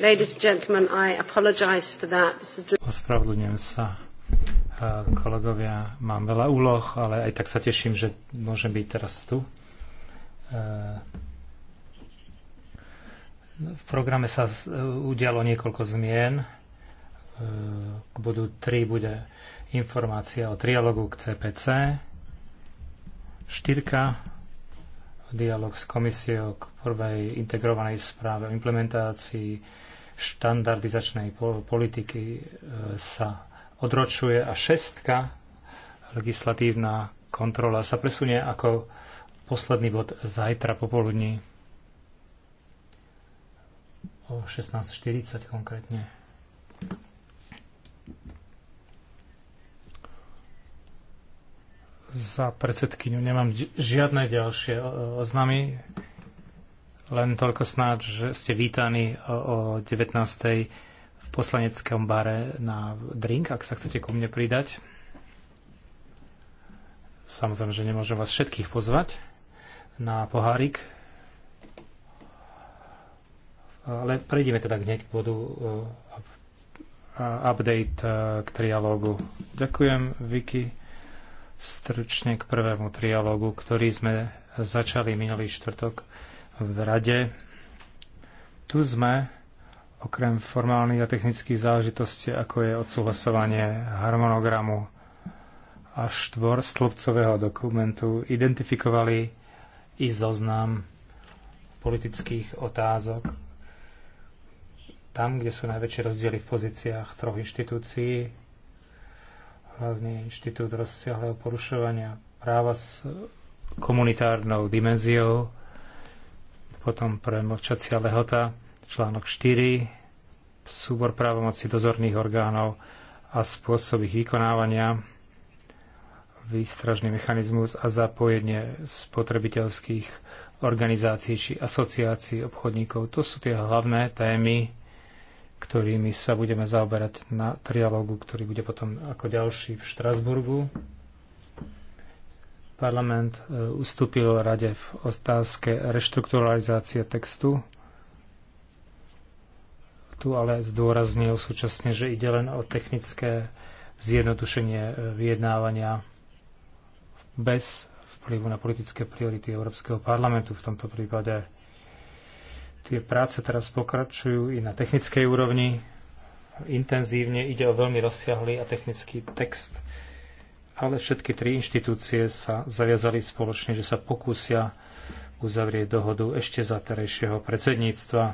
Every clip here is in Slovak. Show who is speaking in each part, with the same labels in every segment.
Speaker 1: Ladies and gentlemen, I apologize for that.
Speaker 2: Ospravedlňujem sa, eh, kolegovia. Mám veľa úloh, ale aj tak sa teším, že môžem byť teraz tu. Eh, v programe sa eh, udialo niekoľko zmien. K bodu 3 bude informácia o trialogu k CPC. 4. Dialog s komisiou k prvej integrovanej správe o implementácii štandardizačnej politiky e, sa odročuje a šestka legislatívna kontrola sa presunie ako posledný bod zajtra popoludní o 16.40 konkrétne. Za predsedkyňu nemám žiadne ďalšie e, oznámy. Len toľko snáď, že ste vítani e, o, 19. v poslaneckom bare na drink, ak sa chcete ku mne pridať. Samozrejme, že nemôžem vás všetkých pozvať na pohárik. Ale prejdeme teda k k bodu e, update e, k trialógu. Ďakujem, Vicky. Stručne k prvému trialógu, ktorý sme začali minulý štvrtok v rade. Tu sme, okrem formálnych a technických záležitostí, ako je odsúhlasovanie harmonogramu a štvor stĺpcového dokumentu, identifikovali i zoznam politických otázok, tam, kde sú najväčšie rozdiely v pozíciách troch inštitúcií, hlavne inštitút rozsiahleho porušovania práva s komunitárnou dimenziou potom pre mlčacia lehota, článok 4, súbor právomocí dozorných orgánov a spôsob ich vykonávania, výstražný mechanizmus a zapojenie spotrebiteľských organizácií či asociácií obchodníkov. To sú tie hlavné témy, ktorými sa budeme zaoberať na trialógu, ktorý bude potom ako ďalší v Štrasburgu. Parlament e, ustúpil rade v otázke reštrukturalizácie textu. Tu ale zdôraznil súčasne, že ide len o technické zjednodušenie e, vyjednávania bez vplyvu na politické priority Európskeho parlamentu v tomto prípade. Tie práce teraz pokračujú i na technickej úrovni. Intenzívne ide o veľmi rozsiahlý a technický text ale všetky tri inštitúcie sa zaviazali spoločne, že sa pokúsia uzavrieť dohodu ešte za terejšieho predsedníctva.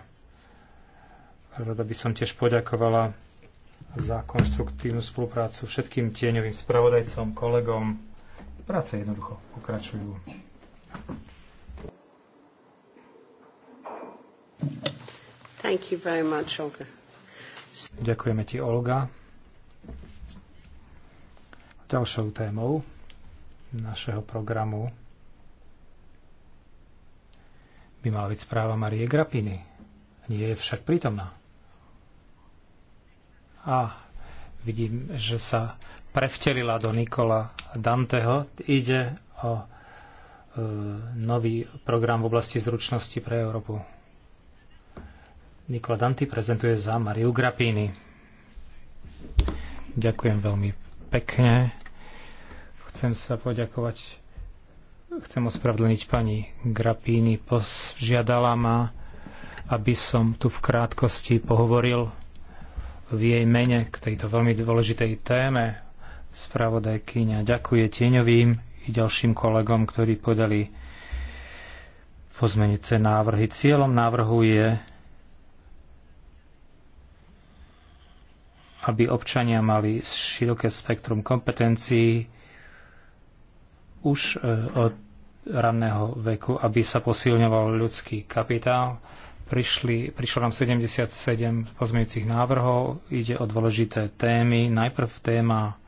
Speaker 2: Rada by som tiež poďakovala za konštruktívnu spoluprácu všetkým tieňovým spravodajcom, kolegom. Práce jednoducho pokračujú.
Speaker 1: Thank you very much, Olga.
Speaker 2: Ďakujeme ti, Olga. Ďalšou témou našeho programu by mala byť správa Marie Grapiny. Nie je však prítomná. A vidím, že sa prevtelila do Nikola Danteho. Ide o e, nový program v oblasti zručnosti pre Európu. Nikola Danti prezentuje za Mariu Grapini. Ďakujem veľmi pekne. Chcem sa poďakovať, chcem ospravedlniť pani Grapíny, požiadala ma, aby som tu v krátkosti pohovoril v jej mene k tejto veľmi dôležitej téme. Spravodajkyňa ďakuje tieňovým i ďalším kolegom, ktorí podali pozmenujúce návrhy. Cieľom návrhu je aby občania mali široké spektrum kompetencií už e, od ranného veku, aby sa posilňoval ľudský kapitál. Prišli, prišlo nám 77 pozmeňujúcich návrhov, ide o dôležité témy. Najprv téma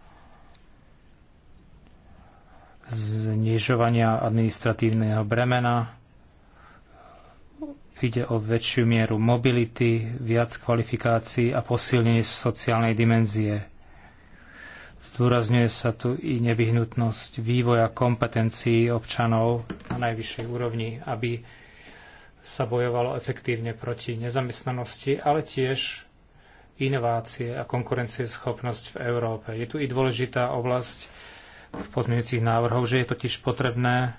Speaker 2: znižovania administratívneho bremena, Ide o väčšiu mieru mobility, viac kvalifikácií a posilnenie sociálnej dimenzie. Zdôrazňuje sa tu i nevyhnutnosť vývoja kompetencií občanov na najvyššej úrovni, aby sa bojovalo efektívne proti nezamestnanosti, ale tiež inovácie a konkurencieschopnosť v Európe. Je tu i dôležitá oblasť v pozmeňujúcich návrhoch, že je totiž potrebné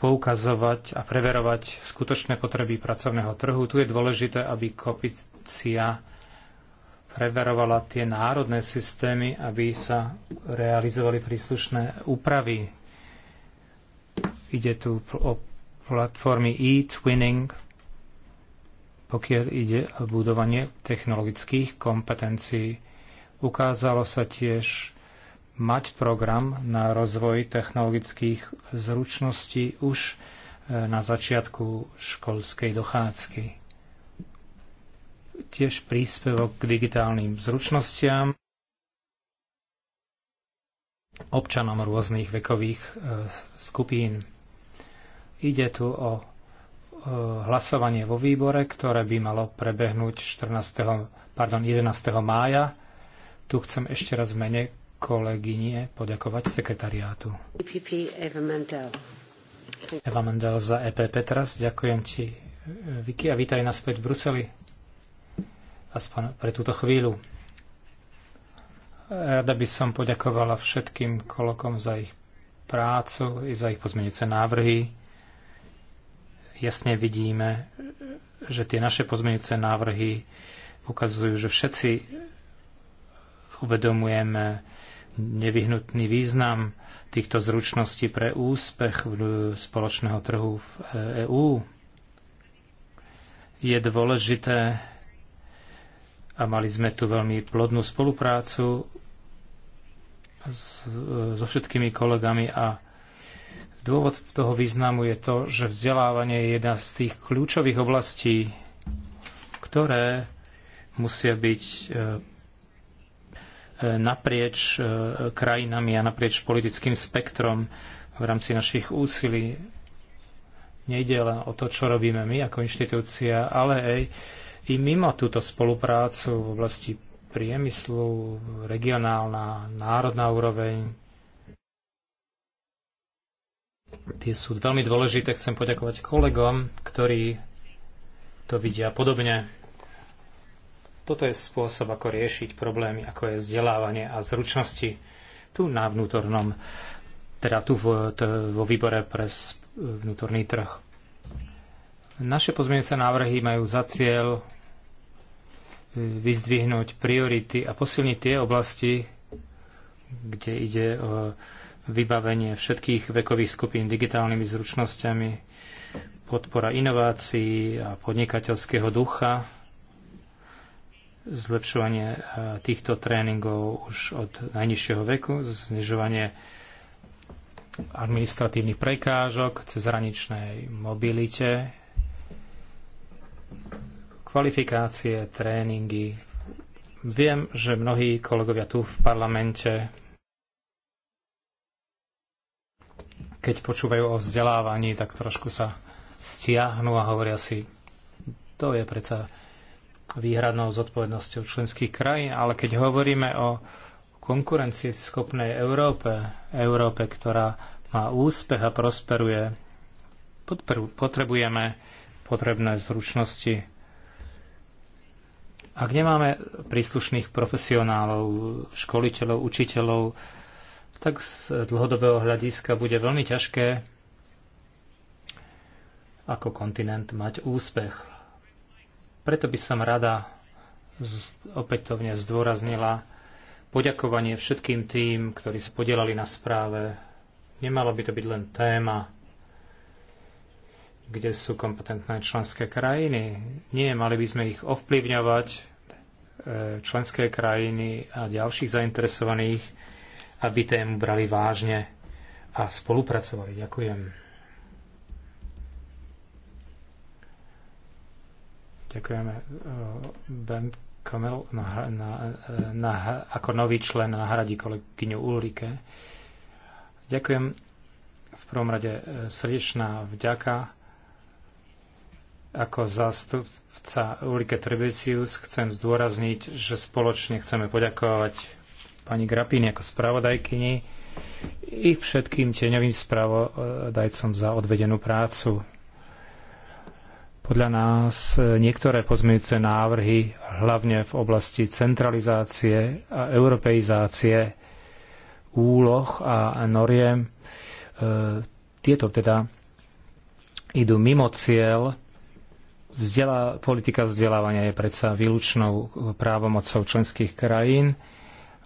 Speaker 2: poukazovať a preverovať skutočné potreby pracovného trhu. Tu je dôležité, aby kopícia preverovala tie národné systémy, aby sa realizovali príslušné úpravy. Ide tu o platformy e-twinning, pokiaľ ide o budovanie technologických kompetencií. Ukázalo sa tiež, mať program na rozvoj technologických zručností už e, na začiatku školskej dochádzky. Tiež príspevok k digitálnym zručnostiam občanom rôznych vekových e, skupín. Ide tu o e, hlasovanie vo výbore, ktoré by malo prebehnúť 14. Pardon, 11. mája. Tu chcem ešte raz v mene kolegyne poďakovať sekretariátu.
Speaker 1: EPP Eva Mandel.
Speaker 2: Eva Mandel za EPP teraz. Ďakujem ti, Vicky, a vítaj naspäť v Bruseli. Aspoň pre túto chvíľu. Rada by som poďakovala všetkým kolokom za ich prácu i za ich pozmeňujúce návrhy. Jasne vidíme, že tie naše pozmeňujúce návrhy ukazujú, že všetci uvedomujeme nevyhnutný význam týchto zručností pre úspech eh, spoločného trhu v EÚ. Eh, e je dôležité, a mali sme tu veľmi plodnú spoluprácu s, eh, so všetkými kolegami a dôvod toho významu je to, že vzdelávanie je jedna z tých kľúčových oblastí, ktoré musia byť naprieč e, krajinami a naprieč politickým spektrom v rámci našich úsilí. Nejde len o to, čo robíme my ako inštitúcia, ale aj i mimo túto spoluprácu v oblasti priemyslu, regionálna, národná úroveň, tie sú veľmi dôležité. Chcem poďakovať kolegom, ktorí to vidia podobne. Toto je spôsob, ako riešiť problémy, ako je vzdelávanie a zručnosti tu na vnútornom, teda tu to, vo výbore pre vnútorný trh. Naše pozmeňujúce návrhy majú za cieľ e, vyzdvihnúť priority a posilniť tie oblasti, kde ide o vybavenie všetkých vekových skupín digitálnymi zručnosťami, podpora inovácií a podnikateľského ducha, zlepšovanie e, týchto tréningov už od najnižšieho veku, znižovanie administratívnych prekážok, cezhraničnej mobilite, kvalifikácie, tréningy. Viem, že mnohí kolegovia tu v parlamente, keď počúvajú o vzdelávaní, tak trošku sa stiahnu a hovoria si, to je predsa výhradnou zodpovednosťou členských krajín, ale keď hovoríme o konkurencieschopnej Európe, Európe, ktorá má úspech a prosperuje, potrebujeme potrebné zručnosti. Ak nemáme príslušných profesionálov, školiteľov, učiteľov, tak z dlhodobého hľadiska bude veľmi ťažké ako kontinent mať úspech. Preto by som rada opätovne zdôraznila poďakovanie všetkým tým, ktorí sa podielali na správe. Nemalo by to byť len téma, kde sú kompetentné členské krajiny. Nie, mali by sme ich ovplyvňovať, e, členské krajiny a ďalších zainteresovaných, aby tému brali vážne a spolupracovali. Ďakujem. Ďakujeme. Uh, ben Kamel na, na, na, ako nový člen nahradí kolegyňu Ulrike. Ďakujem v prvom rade uh, srdečná vďaka ako zástupca Ulrike Trebesius chcem zdôrazniť, že spoločne chceme poďakovať pani Grapini ako spravodajkyni i všetkým tieňovým spravodajcom za odvedenú prácu. Podľa nás niektoré pozmeňujúce návrhy, hlavne v oblasti centralizácie a europeizácie úloh a noriem, e, tieto teda idú mimo cieľ. Vzdelá, politika vzdelávania je predsa výlučnou právomocou členských krajín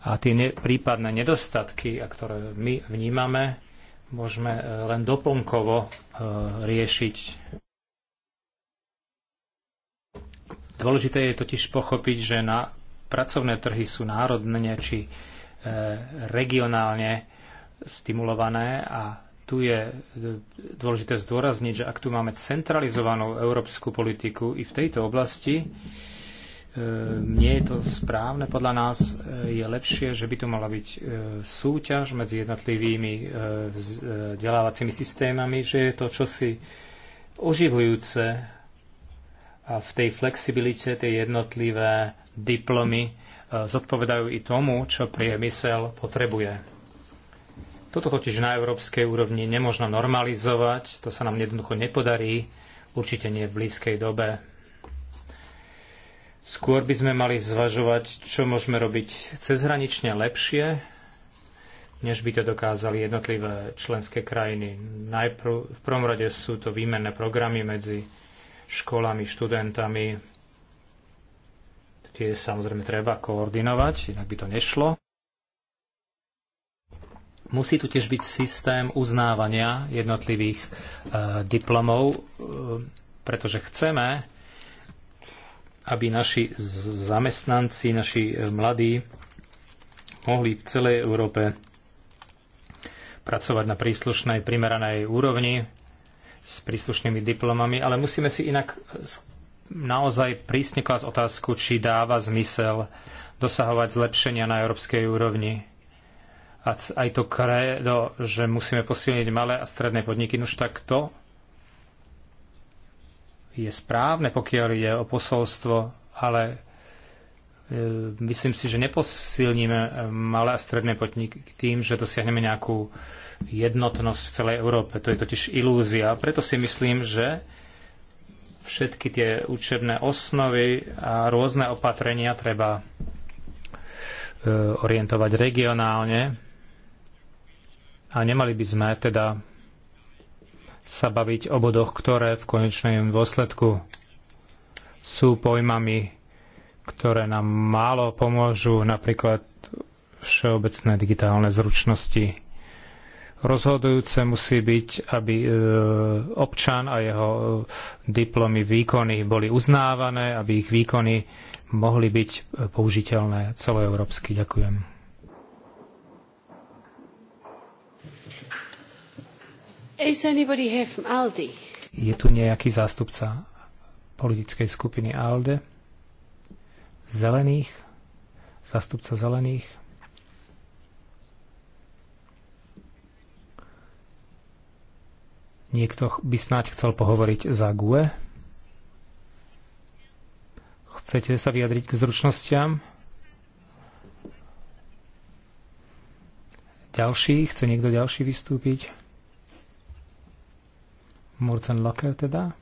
Speaker 2: a tie ne, prípadné nedostatky, a ktoré my vnímame, môžeme e, len doplnkovo e, riešiť Dôležité je totiž pochopiť, že na pracovné trhy sú národne či e, regionálne stimulované a tu je e, dôležité zdôrazniť, že ak tu máme centralizovanú európsku politiku i v tejto oblasti, e, nie je to správne. Podľa nás je lepšie, že by tu mala byť súťaž medzi jednotlivými vzdelávacími systémami, že je to čosi oživujúce a v tej flexibilite tie jednotlivé diplomy e, zodpovedajú i tomu, čo priemysel potrebuje. Toto totiž na európskej úrovni nemôžno normalizovať, to sa nám jednoducho nepodarí, určite nie v blízkej dobe. Skôr by sme mali zvažovať, čo môžeme robiť cezhranične lepšie, než by to dokázali jednotlivé členské krajiny. Najprv, v prvom rade sú to výmenné programy medzi školami, študentami. Tie samozrejme treba koordinovať, inak by to nešlo. Musí tu tiež byť systém uznávania jednotlivých e, diplomov, e, pretože chceme, aby naši zamestnanci, naši e, mladí mohli v celej Európe pracovať na príslušnej primeranej úrovni s príslušnými diplomami, ale musíme si inak e, naozaj prísne klas otázku, či dáva zmysel dosahovať zlepšenia na európskej úrovni. A aj to kredo, že musíme posilniť malé a stredné podniky, už tak to je správne, pokiaľ ide o posolstvo, ale e, myslím si, že neposilníme e, malé a stredné podniky tým, že dosiahneme nejakú jednotnosť v celej Európe. To je totiž ilúzia. Preto si myslím, že všetky tie učebné osnovy a rôzne opatrenia treba e, orientovať regionálne a nemali by sme teda sa baviť o bodoch, ktoré v konečnom dôsledku sú pojmami, ktoré nám málo pomôžu, napríklad všeobecné digitálne zručnosti Rozhodujúce musí byť, aby e, občan a jeho diplomy výkony boli uznávané, aby ich výkony mohli byť e, použiteľné celoeurópsky. Ďakujem. Je tu nejaký zástupca politickej skupiny ALDE? Zelených? Zástupca zelených? Niekto by snáď chcel pohovoriť za GUE? Chcete sa vyjadriť k zručnostiam? Ďalší? Chce niekto ďalší vystúpiť? Morten Locker teda?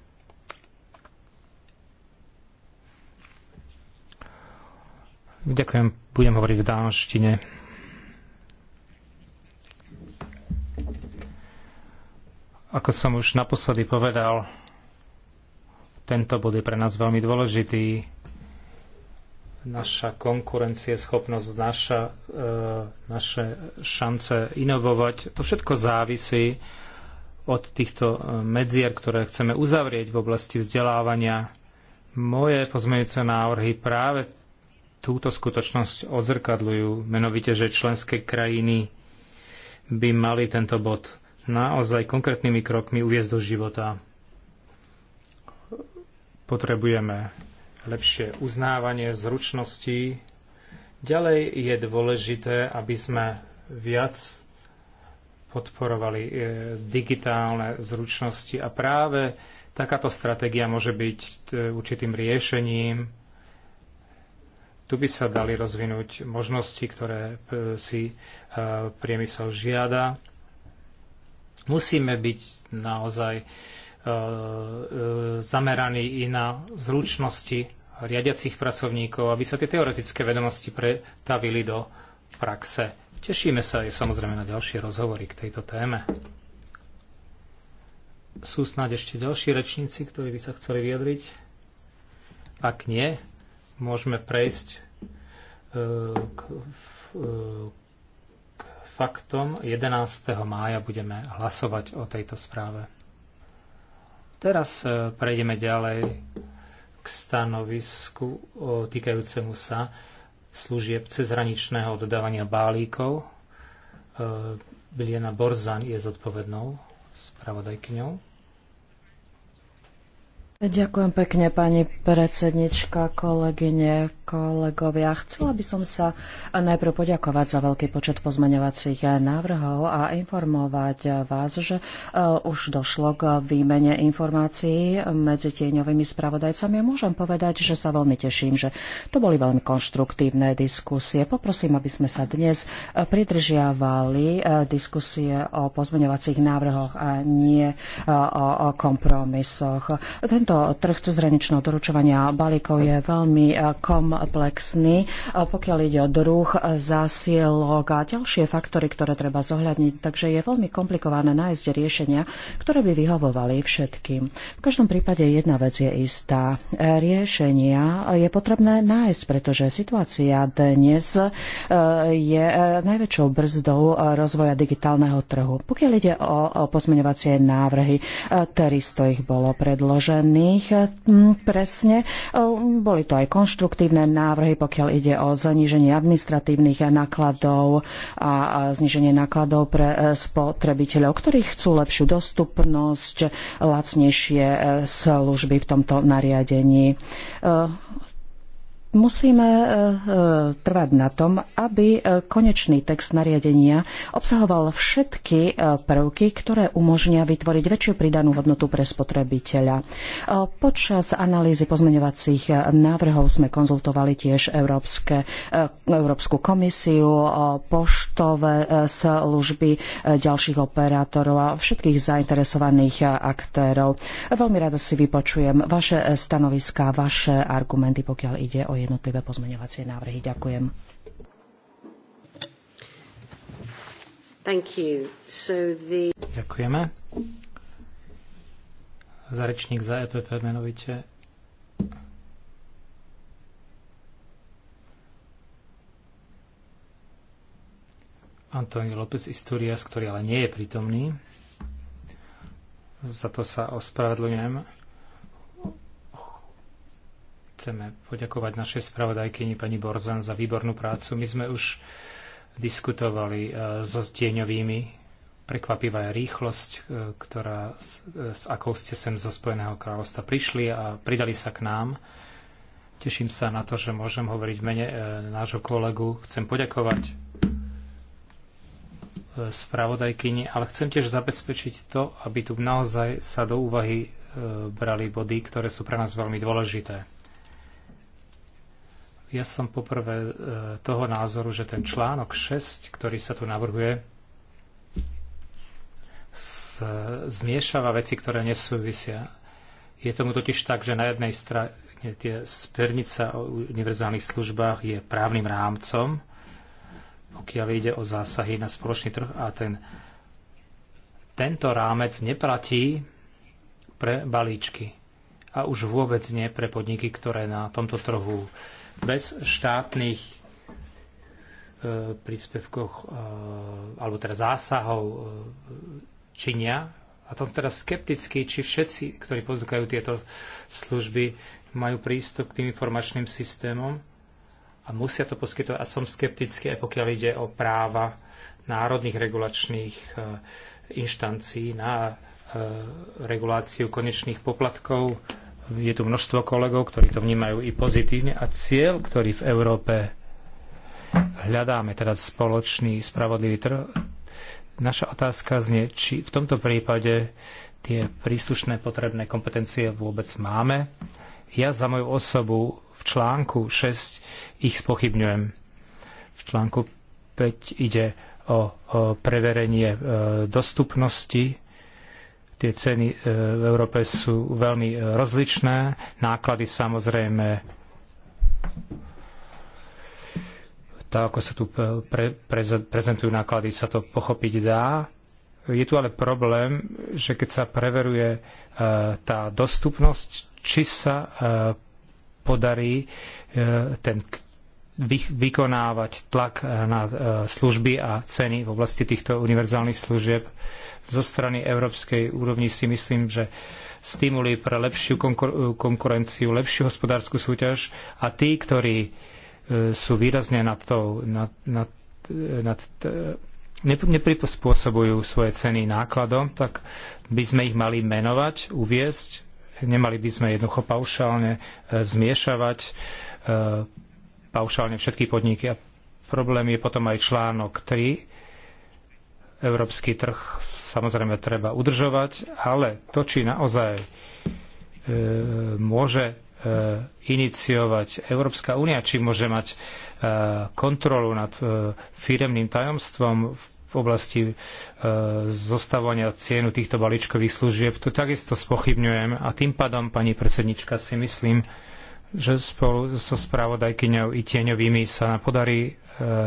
Speaker 2: Ďakujem, budem hovoriť v dánštine. Ako som už naposledy povedal, tento bod je pre nás veľmi dôležitý. Naša konkurencieschopnosť, naša, e, naše šance inovovať, to všetko závisí od týchto e, medzier, ktoré chceme uzavrieť v oblasti vzdelávania. Moje pozmeňujúce návrhy práve túto skutočnosť odzrkadľujú, menovite, že členské krajiny by mali tento bod naozaj konkrétnymi krokmi uviezť do života. Potrebujeme lepšie uznávanie zručností. Ďalej je dôležité, aby sme viac podporovali e, digitálne zručnosti a práve takáto stratégia môže byť e, určitým riešením. Tu by sa dali rozvinúť možnosti, ktoré e, si priemysel žiada Musíme byť naozaj e, e, zameraní i na zručnosti riadiacich pracovníkov, aby sa tie teoretické vedomosti pretavili do praxe. Tešíme sa aj samozrejme na ďalšie rozhovory k tejto téme. Sú snáď ešte ďalší rečníci, ktorí by sa chceli vyjadriť? Ak nie, môžeme prejsť e, k, faktom. 11. mája budeme hlasovať o tejto správe. Teraz e, prejdeme ďalej k stanovisku týkajúcemu sa služieb cezhraničného dodávania bálíkov. Biliana e, Borzan je zodpovednou spravodajkyňou.
Speaker 3: Ďakujem pekne, pani predsednička, kolegyne, kolegovia. Chcela by som sa najprv poďakovať za veľký počet pozmeňovacích návrhov a informovať vás, že eh, už došlo k výmene informácií medzi tieňovými spravodajcami. A môžem povedať, že sa veľmi teším, že to boli veľmi konštruktívne diskusie. Poprosím, aby sme sa dnes eh, pridržiavali eh, diskusie o pozmeňovacích návrhoch a nie o kompromisoch. Tento trh cezhraničného doručovania balíkov je veľmi kom komplexný. E, pokiaľ ide o druh e, zásielok a ďalšie faktory, ktoré treba zohľadniť, takže je veľmi komplikované nájsť riešenia, ktoré by vyhovovali všetkým. V každom prípade jedna vec je istá. E, riešenia je potrebné nájsť, pretože situácia dnes je najväčšou brzdou rozvoja digitálneho trhu. Pokiaľ ide o pozmeňovacie návrhy, 300 ich bolo predložených presne. Boli to aj konštruktívne konkrétne návrhy, pokiaľ ide o zníženie administratívnych nákladov a zníženie nákladov pre e, spotrebiteľov, ktorí chcú lepšiu dostupnosť, lacnejšie e, služby v tomto nariadení. E, Musíme e, e, trvať na tom, aby e, konečný text nariadenia obsahoval všetky prvky, ktoré umožnia vytvoriť väčšiu pridanú hodnotu pre spotrebiteľa. Počas analýzy pozmeňovacích návrhov sme konzultovali tiež Európske, Európsku komisiu, poštové služby ďalších operátorov a všetkých zainteresovaných aktérov. Veľmi rada si vypočujem vaše stanoviská, vaše argumenty, pokiaľ ide o jednotlivé pozmeňovacie návrhy. Ďakujem.
Speaker 1: Thank you. So the...
Speaker 2: Ďakujeme. Zarečník za EPP e menovite Antonio López Isturias, ktorý ale nie je prítomný. Za to sa ospravedlňujem. Chceme poďakovať našej spravodajkyni pani Borzan za výbornú prácu. My sme už diskutovali e, so tieňovými. Prekvapivá je rýchlosť, e, ktorá, e, s akou ste sem zo Spojeného kráľovstva prišli a pridali sa k nám. Teším sa na to, že môžem hovoriť v mene nášho kolegu. Chcem poďakovať spravodajkyni, ale chcem tiež zabezpečiť to, aby tu naozaj sa do úvahy brali body, ktoré sú pre nás veľmi dôležité. Ja som poprvé e, toho názoru, že ten článok 6, ktorý sa tu navrhuje, zmiešava veci, ktoré nesúvisia. Je tomu totiž tak, že na jednej strane tie spernica o univerzálnych službách je právnym rámcom, pokiaľ ide o zásahy na spoločný trh a ten, tento rámec neplatí pre balíčky a už vôbec nie pre podniky, ktoré na tomto trhu bez štátnych e, príspevkoch e, alebo teda zásahov e, činia. A tom teraz skepticky, či všetci, ktorí podnikajú tieto služby, majú prístup k tým informačným systémom a musia to poskytovať. A som skeptický aj pokiaľ ide o práva národných regulačných inštancií na reguláciu konečných poplatkov je tu množstvo kolegov, ktorí to vnímajú i pozitívne a cieľ, ktorý v Európe hľadáme, teda spoločný spravodlivý trh, naša otázka znie, či v tomto prípade tie príslušné potrebné kompetencie vôbec máme. Ja za moju osobu v článku 6 ich spochybňujem. V článku 5 ide o, o preverenie e, dostupnosti Tie ceny e, v Európe sú veľmi e, rozličné, náklady samozrejme tak ako sa tu pre, prezentujú náklady, sa to pochopiť dá. Je tu ale problém, že keď sa preveruje e, tá dostupnosť, či sa podarí ten vykonávať tlak eh, na eh, služby a ceny v oblasti týchto univerzálnych služieb. Zo strany európskej úrovni si myslím, že stimuli pre lepšiu eh, konkurenciu, lepšiu hospodárskú súťaž a tí, ktorí sú výrazne nad tou, nad, nad, nad, neprispôsobujú svoje ceny nákladom, tak by sme ich mali menovať, uviesť. Nemali by sme jednoducho paušálne zmiešavať paušálne všetky podniky. A problém je potom aj článok 3. Európsky trh samozrejme treba udržovať, ale to, či naozaj e, môže e, iniciovať Európska únia, či môže mať e, kontrolu nad e, firemným tajomstvom v v oblasti e, zostavovania cienu týchto balíčkových služieb. Tu takisto spochybňujem a tým pádom, pani predsednička, si myslím, že spolu so spravodajkyňou i tieňovými sa nám podarí e,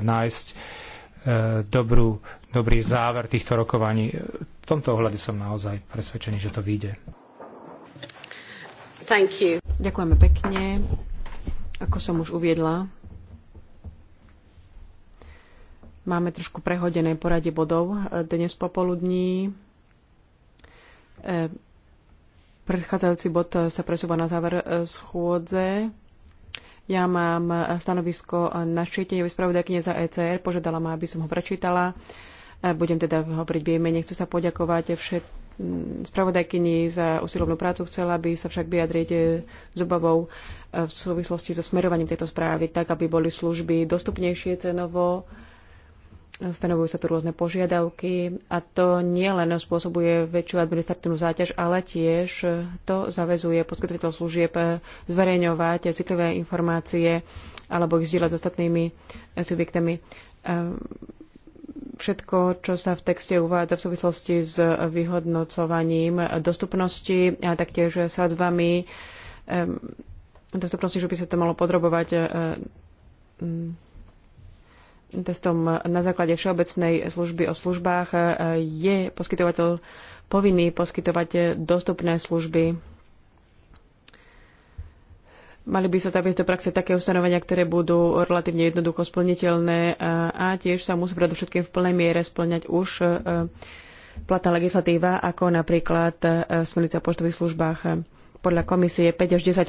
Speaker 2: nájsť e, dobrú, dobrý záver týchto rokovaní. V tomto ohľade som naozaj presvedčený, že to vyjde.
Speaker 4: Thank you. Ďakujeme pekne. Ako som už uviedla, máme trošku prehodené poradie bodov dnes popoludní. E, Predchádzajúci bod eh, sa presúva na záver eh, schôdze. Ja mám eh, stanovisko našej tenevej spravodajkyne za ECR. Požiadala ma, aby som ho prečítala. Budem teda hovoriť v jej mene. sa poďakovať všetkým mm, spravodajkyni za usilovnú prácu. Chcela by sa však vyjadriť s obavou v súvislosti so smerovaním tejto správy, tak aby boli služby dostupnejšie cenovo Stanovujú sa tu rôzne požiadavky a to nielen spôsobuje väčšiu administratívnu záťaž, ale tiež to zavezuje poskytovateľ služieb zverejňovať citlivé informácie alebo ich zdieľať s ostatnými subjektami. Ehm, všetko, čo sa v texte uvádza v súvislosti s vyhodnocovaním dostupnosti a taktiež sadzbami, ehm, dostupnosti, že by sa to malo podrobovať ehm, testom na základe Všeobecnej služby o službách e, je poskytovateľ povinný poskytovať dostupné služby. Mali by sa zaviesť do praxe také ustanovenia, ktoré budú relatívne jednoducho splniteľné e, a tiež sa musí predovšetkým v plnej miere splňať už e, platná legislatíva, ako napríklad smernica o poštových službách podľa komisie 5 až 10 eh,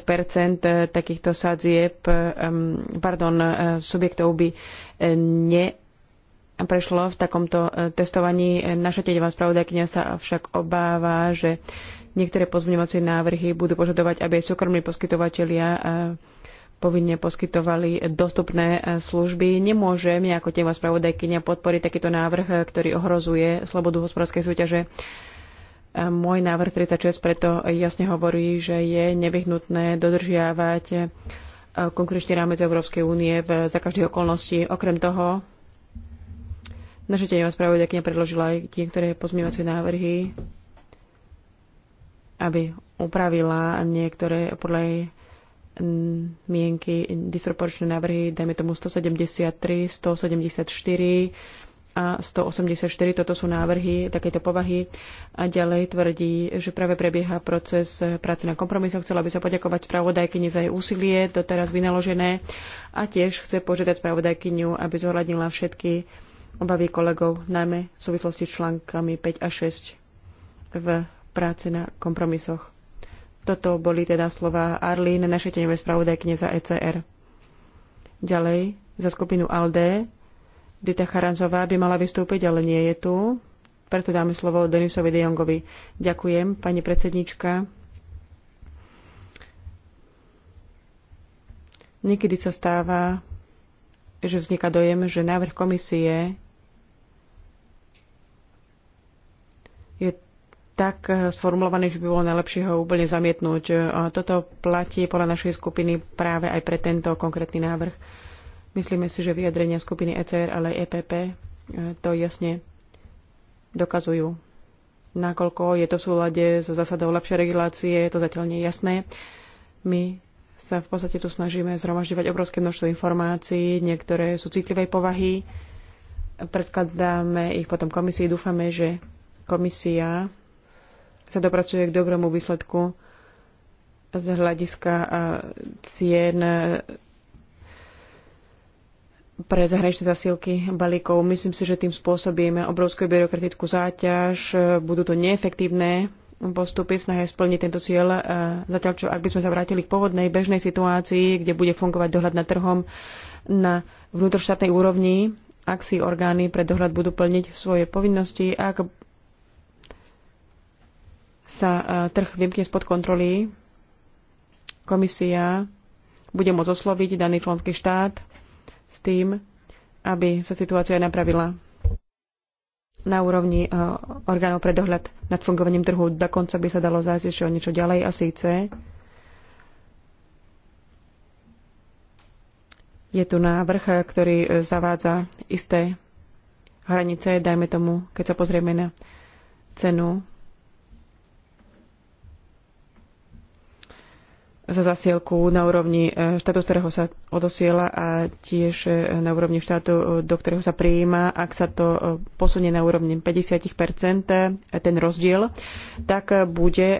Speaker 4: takýchto sadzieb, eh, pardon, eh, subjektov by ne prešlo v takomto testovaní. Naša tedevá spravodajkňa sa však obáva, že niektoré pozmeňovacie návrhy budú požadovať, aby aj súkromní poskytovateľia povinne poskytovali dostupné služby. Nemôžem ja ako teba spravodajkynia podporiť takýto návrh, ktorý ohrozuje slobodu hospodárskej súťaže môj návrh 36 preto jasne hovorí, že je nevyhnutné dodržiavať eh, konkurenčný rámec Európskej únie v, za každých okolností. Okrem toho, naša tenová spravodajkynia predložila aj niektoré pozmývacie návrhy, aby upravila niektoré podľa jej mienky disproporčné návrhy, dajme tomu 173, 174, a 184. Toto sú návrhy takéto povahy. A ďalej tvrdí, že práve prebieha proces práce na kompromisoch. Chcela by sa poďakovať spravodajkyni za jej úsilie, doteraz vynaložené. A tiež chce požiadať spravodajkyňu, aby zohľadnila všetky obavy kolegov, najmä v súvislosti s článkami 5 a 6 v práci na kompromisoch. Toto boli teda slova Arlín, našej teňovej spravodajkyne za ECR. Ďalej, za skupinu ALDE Dita Charanzová by mala vystúpiť, ale nie je tu. Preto dáme slovo Denisovi de Jongovi. Ďakujem, pani predsednička. Niekedy sa stáva, že vzniká dojem, že návrh komisie je tak eh, sformulovaný, že by bolo najlepšie ho úplne zamietnúť. Toto platí podľa našej skupiny práve aj pre tento konkrétny návrh. Myslíme si, že vyjadrenia skupiny ECR, ale aj EPP e, to jasne dokazujú. Nakoľko je to v súlade so zásadou lepšie regulácie, je to zatiaľ nie jasné. My sa v podstate tu snažíme zhromažďovať obrovské množstvo informácií, niektoré sú citlivej povahy. Predkladáme ich potom komisii, dúfame, že komisia sa dopracuje k dobrému výsledku z hľadiska cien pre zahraničné zasielky balíkov. Myslím si, že tým spôsobíme obrovskú byrokratickú záťaž, budú to neefektívne postupy v snahe splniť tento cieľ. Zatiaľ, čo ak by sme sa vrátili k pôvodnej bežnej situácii, kde bude fungovať dohľad nad trhom na vnútroštátnej úrovni, ak si orgány pre dohľad budú plniť svoje povinnosti, ak sa e, trh vymkne spod kontroly, komisia bude môcť osloviť daný členský štát s tým, aby sa situácia napravila na úrovni eh, orgánov pre dohľad nad fungovaním trhu. Dokonca by sa dalo zájsť ešte o niečo ďalej a síce je tu návrh, eh, ktorý eh, zavádza isté hranice, dajme tomu, keď sa pozrieme na cenu za zasielku na úrovni e, štátu, z ktorého sa odosiela a tiež e, na úrovni štátu, e, do ktorého sa prijíma. Ak sa to posunie na úrovni 50 ten rozdiel, tak bude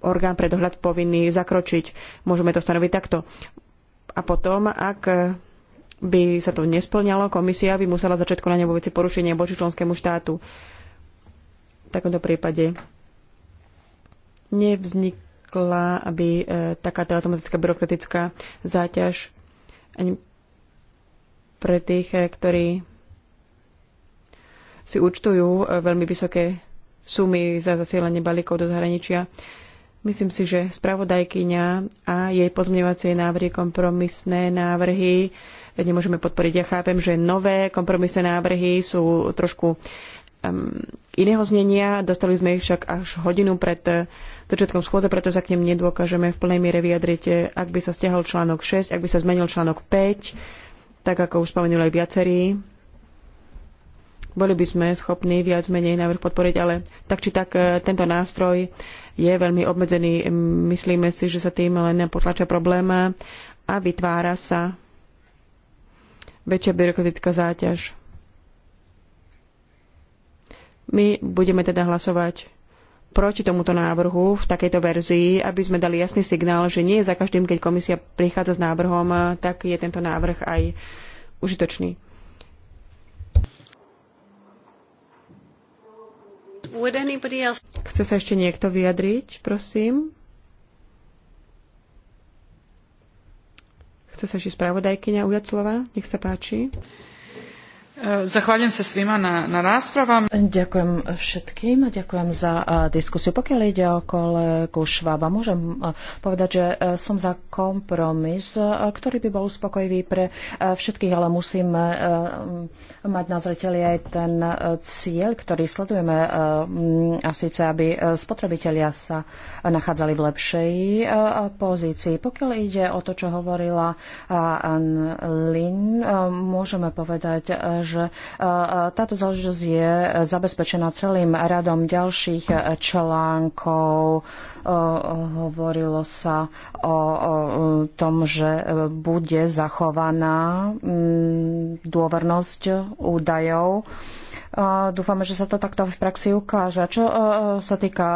Speaker 4: orgán pre dohľad povinný zakročiť. Môžeme to stanoviť takto. A potom, ak by sa to nesplňalo, komisia by musela začať konanie vo veci porušenia voči členskému štátu. V takomto prípade nevznik vznikla, aby e, takáto automatická byrokratická záťaž ani pre tých, e, ktorí si účtujú e, veľmi vysoké sumy za zasielanie balíkov do zahraničia. Myslím si, že spravodajkyňa a jej pozmeňovacie návrhy, kompromisné návrhy nemôžeme podporiť. Ja chápem, že nové kompromisné návrhy sú trošku uh, iného znenia. Dostali sme ich však až hodinu pred eh, začiatkom schôdze, preto sa k nem nedôkažeme v plnej miere vyjadriť, ak by sa stiahol článok 6, ak by sa zmenil článok 5, tak ako už spomenuli aj viacerí. Boli by sme schopní viac menej návrh podporiť, ale tak či tak eh, tento nástroj je veľmi obmedzený. Myslíme si, že sa tým len potlačia probléma a vytvára sa väčšia byrokratická záťaž. My budeme teda hlasovať proti tomuto návrhu v takejto verzii, aby sme dali jasný signál, že nie je za každým, keď komisia prichádza s návrhom, tak je tento návrh aj užitočný. Chce sa ešte niekto vyjadriť, prosím? Chce sa ešte spravodajkyňa ujať slova? Nech sa páči. E,
Speaker 2: Zahvaljujem sa svima na, na
Speaker 3: raspravám. Ďakujem všetkým, ďakujem za e, diskusiu. Pokiaľ ide o kolegu Švába, môžem e, povedať, že som za kompromis, ktorý by bol uspokojivý pre všetkých, ale musíme mať na zreteli aj ten cieľ, ktorý sledujeme, a síce, aby spotrebitelia sa nachádzali v lepšej pozícii. Pokiaľ ide o to, čo hovorila Lin, môžeme povedať, že e, e, táto záležitosť je zabezpečená celým radom ďalších e, článkov. Hovorilo sa o tom, že bude zachovaná dôvernosť údajov a dúfame, že sa to takto v praxi ukáže. Čo e, e, sa týka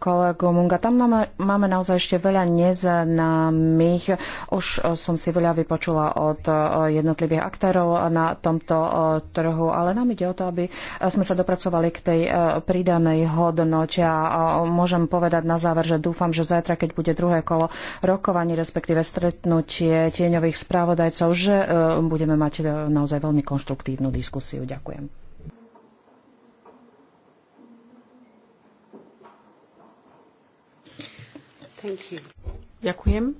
Speaker 3: kolegu Munga, tam máme naozaj ešte veľa neznámych. Už e, som si veľa vypočula od jednotlivých aktérov na tomto trhu, ale nám ide o to, aby sme sa dopracovali k tej pridanej hodnote a môžem povedať na záver, že dúfam, že zajtra, keď bude druhé kolo rokovaní, respektíve stretnutie tieňových správodajcov, že budeme mať naozaj veľmi konštruktívnu diskusiu. Ďakujem.
Speaker 4: Thank you. Ďakujem.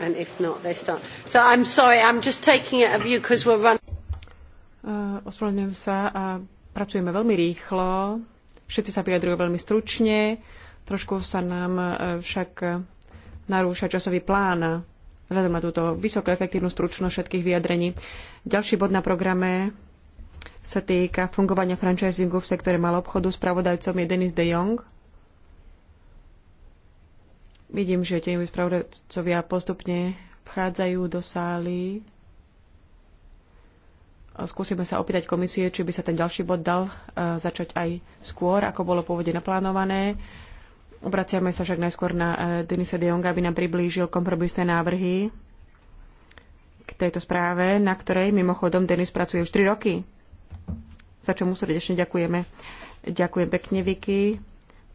Speaker 1: And if not, they start.
Speaker 4: So I'm sorry, I'm just taking it of you because we're running. Ospravedlňujem sa a pracujeme veľmi rýchlo. Všetci sa vyjadrujú veľmi stručne. Trošku sa nám e, však e, narúša časový plán vzhľadom na túto vysokú efektívnu stručnosť všetkých vyjadrení. Ďalší bod na programe sa týka fungovania franchisingu v sektore malobchodu. Spravodajcom je Denis de Jong. Vidím, že tie spravodajcovia postupne vchádzajú do sály skúsime sa opýtať komisie, či by sa ten ďalší bod dal e, začať aj skôr, ako bolo pôvodne naplánované. Obraciame sa však najskôr na e, Denise de Jonga, aby nám priblížil kompromisné návrhy k tejto správe, na ktorej mimochodom Denis pracuje už 3 roky. Za čo mu srdečne ďakujeme. Ďakujem pekne, Vicky.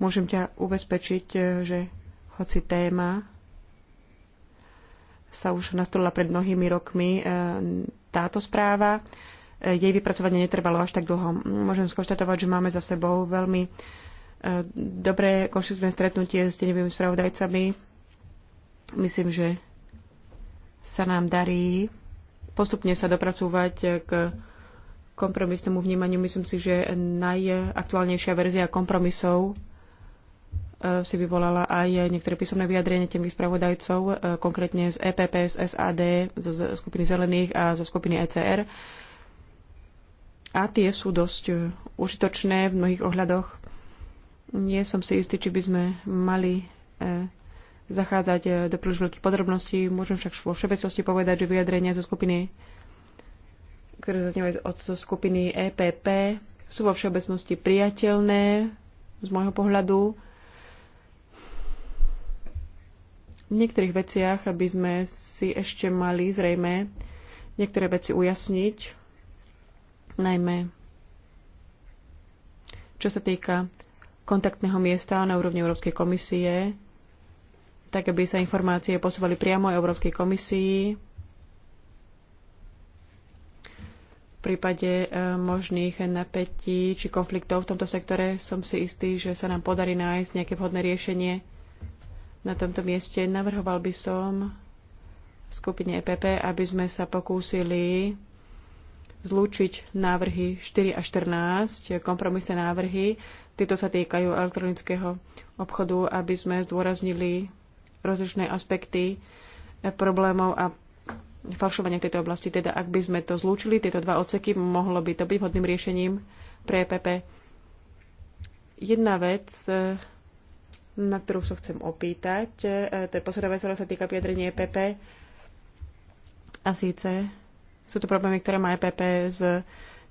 Speaker 4: Môžem ťa ubezpečiť, e, že hoci téma sa už nastolila pred mnohými rokmi táto správa, jej vypracovanie netrvalo až tak dlho. Môžem skonštatovať, že máme za sebou veľmi e, dobré konštruktívne stretnutie s tenevými spravodajcami. Myslím, že sa nám darí postupne sa dopracúvať k kompromisnému vnímaniu. Myslím si, že najaktuálnejšia verzia kompromisov e, si vyvolala aj niektoré písomné vyjadrenie tým spravodajcov, e, konkrétne z EPP, z SAD, zo skupiny Zelených a zo skupiny ECR a tie sú dosť e, užitočné v mnohých ohľadoch. Nie som si istý, či by sme mali e, zachádzať e, do príliš veľkých podrobností. Môžem však vo všeobecnosti povedať, že vyjadrenia zo skupiny, ktoré zaznievajú od zo skupiny EPP, sú vo všeobecnosti priateľné z môjho pohľadu. V niektorých veciach by sme si ešte mali zrejme niektoré veci ujasniť, najmä čo sa týka kontaktného miesta na úrovni Európskej komisie, tak aby sa informácie posúvali priamo Európskej komisii v prípade e, možných napätí či konfliktov v tomto sektore som si istý, že sa nám podarí nájsť nejaké vhodné riešenie na tomto mieste. Navrhoval by som skupine EPP, aby sme sa pokúsili zlúčiť návrhy 4 a 14, kompromisné návrhy. Tieto sa týkajú elektronického obchodu, aby sme zdôraznili rozličné aspekty eh, problémov a falšovania v tejto oblasti. Teda ak by sme to zlúčili, tieto dva odseky, mohlo by to byť vhodným riešením pre EPP. Jedna vec, eh, na ktorú sa chcem opýtať, eh, to je posledná vec, ktorá sa týka vyjadrenia EPP. A síce sú to problémy, ktoré má EPP s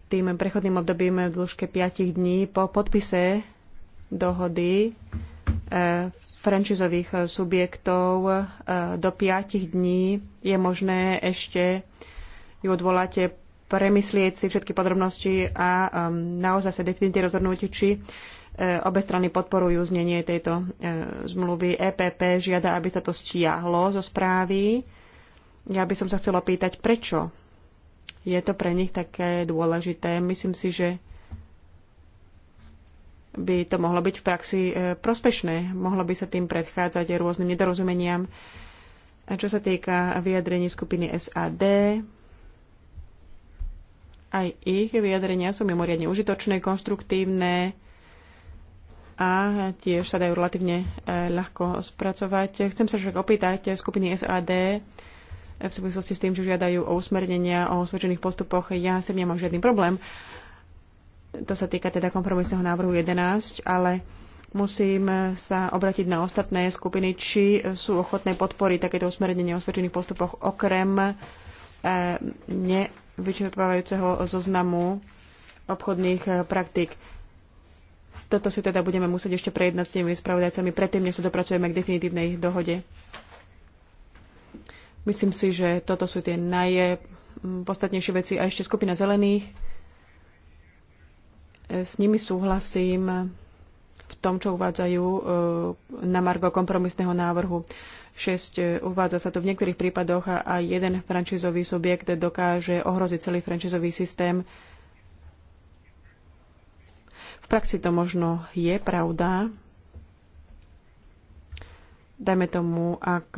Speaker 4: tým prechodným obdobím v dĺžke 5 dní po podpise dohody e, franchizových subjektov e, do 5 dní je možné ešte ju odvoláte premyslieť si všetky podrobnosti a um, naozaj sa definitívne rozhodnúť, či e, obe strany podporujú znenie tejto zmluvy. EPP žiada, aby sa to stiahlo zo správy. Ja by som sa chcela pýtať, prečo je to pre nich také dôležité. Myslím si, že by to mohlo byť v praxi e, prospešné. Mohlo by sa tým predchádzať rôznym nedorozumeniam. A čo sa týka vyjadrení skupiny SAD, aj ich vyjadrenia sú mimoriadne užitočné, konštruktívne a tiež sa dajú relatívne e, ľahko spracovať. Chcem sa však opýtať skupiny SAD, v súvislosti s tým, že žiadajú o usmernenia, o osvedčených postupoch. Ja si nemám žiadny problém. To sa týka teda kompromisného návrhu 11, ale musím sa obratiť na ostatné skupiny, či sú ochotné podpory takéto usmernenie o osvedčených postupoch okrem e, nevyčerpávajúceho zoznamu obchodných e, praktík. Toto si teda budeme musieť ešte prejednať s tými spravodajcami predtým, než sa dopracujeme k definitívnej dohode. Myslím si, že toto sú tie najpodstatnejšie veci. A ešte skupina zelených. E, s nimi súhlasím v tom, čo uvádzajú e, na margo kompromisného návrhu. 6 e, uvádza sa to v niektorých prípadoch a jeden frančízový subjekt dokáže ohroziť celý frančízový systém. V praxi to možno je pravda. Dajme tomu, ak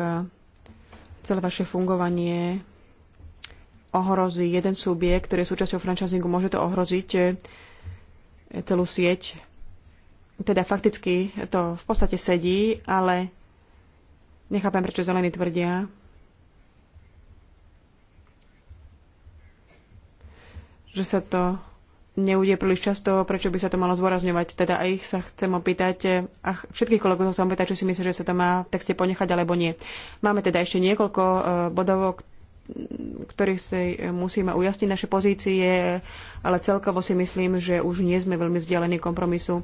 Speaker 4: celé vaše fungovanie ohrozí jeden subjekt, ktorý je súčasťou franchisingu, môže to ohroziť eh, celú sieť. Teda fakticky to v podstate sedí, ale nechápem, prečo zelení tvrdia, že sa to neudie príliš často, prečo by sa to malo zdôrazňovať. Teda aj ich sa chcem opýtať, eh, a všetkých kolegov sa chcem opýtať, čo si myslí, že sa to má v texte ponechať alebo nie. Máme teda ešte niekoľko eh, bodovok, ktorých si eh, musíme ujasniť naše pozície, ale celkovo si myslím, že už nie sme veľmi vzdialení kompromisu.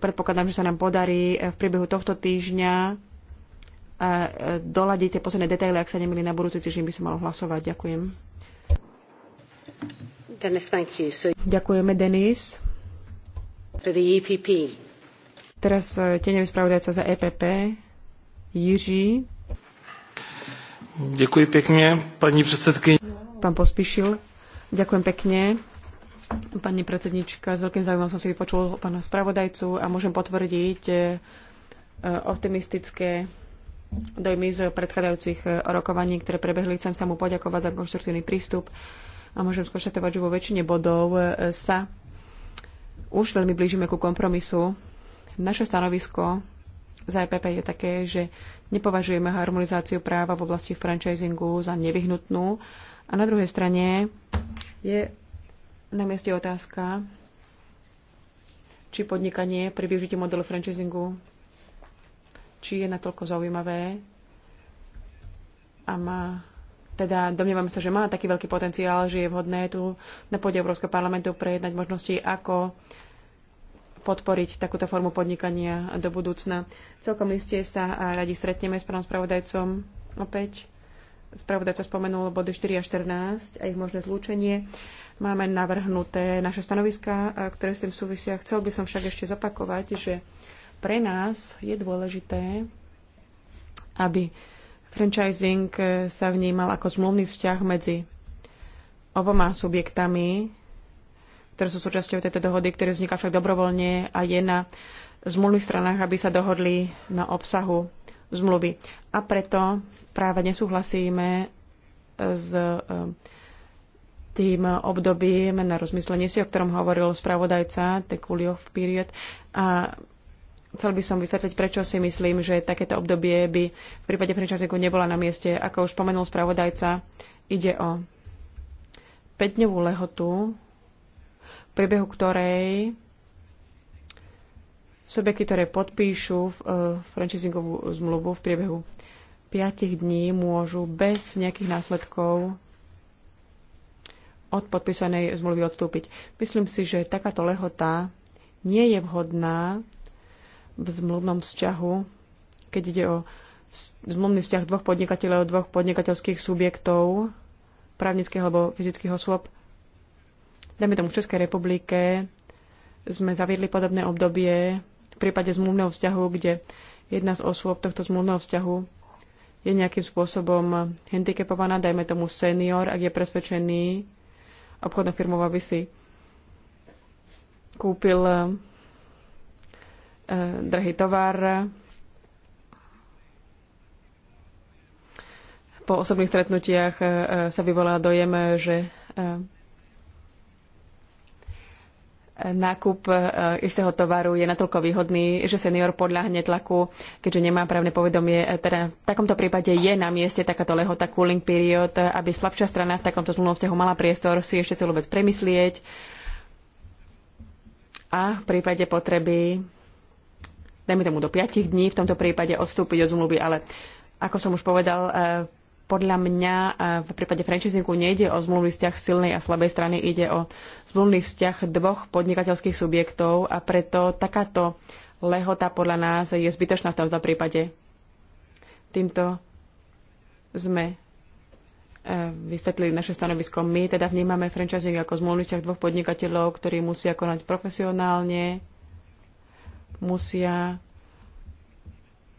Speaker 4: Predpokladám, že sa nám podarí v priebehu tohto týždňa doladiť tie posledné detaily, ak sa nemili na budúci týždeň by sa malo hlasovať. Ďakujem. Dennis, thank you. So... Ďakujeme, Denis.
Speaker 1: For the EPP.
Speaker 4: Teraz eh, tenevý spravodajca za EPP, Jiří.
Speaker 2: Ďakujem pekne, pani predsedkyni.
Speaker 4: Pán Pospišil, ďakujem pekne. Pani predsednička, s veľkým záujmom som si vypočul pána spravodajcu a môžem potvrdiť eh, optimistické dojmy z predchádzajúcich eh, rokovaní, ktoré prebehli. Chcem sa mu poďakovať za konštruktívny prístup a môžem skonštatovať, že vo väčšine bodov e, sa už veľmi blížime ku kompromisu. Naše stanovisko za EPP je také, že nepovažujeme harmonizáciu práva v oblasti franchisingu za nevyhnutnú. A na druhej strane je na mieste otázka, či podnikanie pri využití modelu franchisingu či je natoľko zaujímavé a má teda domnievam sa, že má taký veľký potenciál, že je vhodné tu na pôde Európskeho parlamentu prejednať možnosti, ako podporiť takúto formu podnikania do budúcna. Celkom iste sa radi stretneme s pánom spravodajcom opäť. Spravodajca spomenul body 4 a 14 a ich možné zlúčenie. Máme navrhnuté naše stanoviská, ktoré s tým súvisia. Chcel by som však ešte zopakovať, že pre nás je dôležité, aby Franchising eh, sa vnímal ako zmluvný vzťah medzi oboma subjektami, ktoré sú súčasťou tejto dohody, ktoré vzniká však dobrovoľne a je na zmluvných stranách, aby sa dohodli na obsahu zmluvy. A preto práve nesúhlasíme eh, s eh, tým obdobím na rozmyslenie si, o ktorom hovoril spravodajca, the cool period. A chcel by som vysvetliť, prečo si myslím, že takéto obdobie by v prípade franchisingu nebola na mieste. Ako už spomenul spravodajca, ide o 5-dňovú lehotu, v priebehu ktorej subjekty, ktoré podpíšu v, e, franchisingovú zmluvu v priebehu 5 dní môžu bez nejakých následkov od podpísanej zmluvy odstúpiť. Myslím si, že takáto lehota nie je vhodná v zmluvnom vzťahu, keď ide o zmluvný vzťah dvoch podnikateľov, dvoch podnikateľských subjektov, právnických alebo fyzických osôb. Dajme tomu v Českej republike sme zaviedli podobné obdobie v prípade zmluvného vzťahu, kde jedna z osôb tohto zmluvného vzťahu je nejakým spôsobom handicapovaná, dajme tomu senior, ak je presvedčený obchodnou firmou, aby si kúpil E, drahý tovar. Po osobných stretnutiach e, e, sa vyvolá dojem, že nákup istého tovaru je natoľko výhodný, že senior podľahne tlaku, keďže nemá právne povedomie. Teda v takomto prípade je na mieste takáto lehota cooling period, aby slabšia strana v takomto zmluvnom vzťahu mala priestor si ešte celú vec premyslieť a v prípade potreby dajme tomu do 5 dní v tomto prípade odstúpiť od zmluvy, ale ako som už povedal, e, podľa mňa e, v prípade franchisingu nejde o zmluvný vzťah silnej a slabej strany, ide o zmluvný vzťah dvoch podnikateľských subjektov a preto takáto lehota podľa nás je zbytočná v tomto prípade. Týmto sme e, vysvetlili naše stanovisko. My teda vnímame franchising ako zmluvný vzťah dvoch podnikateľov, ktorí musia konať profesionálne musia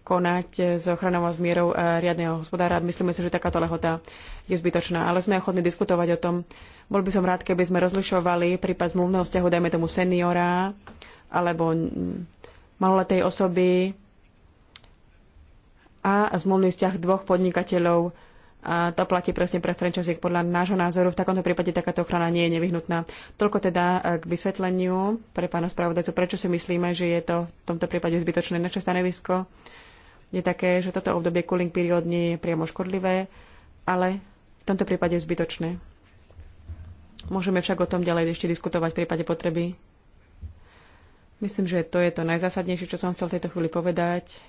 Speaker 4: konať s ochranou a zmierou eh, riadneho hospodára. Myslíme si, že takáto lehota je zbytočná, ale sme ochotní diskutovať o tom. Bol by som rád, keby sme rozlišovali prípad zmluvného vzťahu, dajme tomu seniora alebo maloletej osoby a zmluvný vzťah dvoch podnikateľov. A to platí presne pre franchisiek. Podľa nášho názoru v takomto prípade takáto ochrana nie je nevyhnutná. Toľko teda e, k vysvetleniu pre pána spravodajcu, prečo si myslíme, že je to v tomto prípade zbytočné. Naše stanovisko je také, že toto obdobie cooling period nie je priamo škodlivé, ale v tomto prípade je zbytočné. Môžeme však o tom ďalej ešte diskutovať v prípade potreby. Myslím, že to je to najzásadnejšie, čo som chcel v tejto chvíli povedať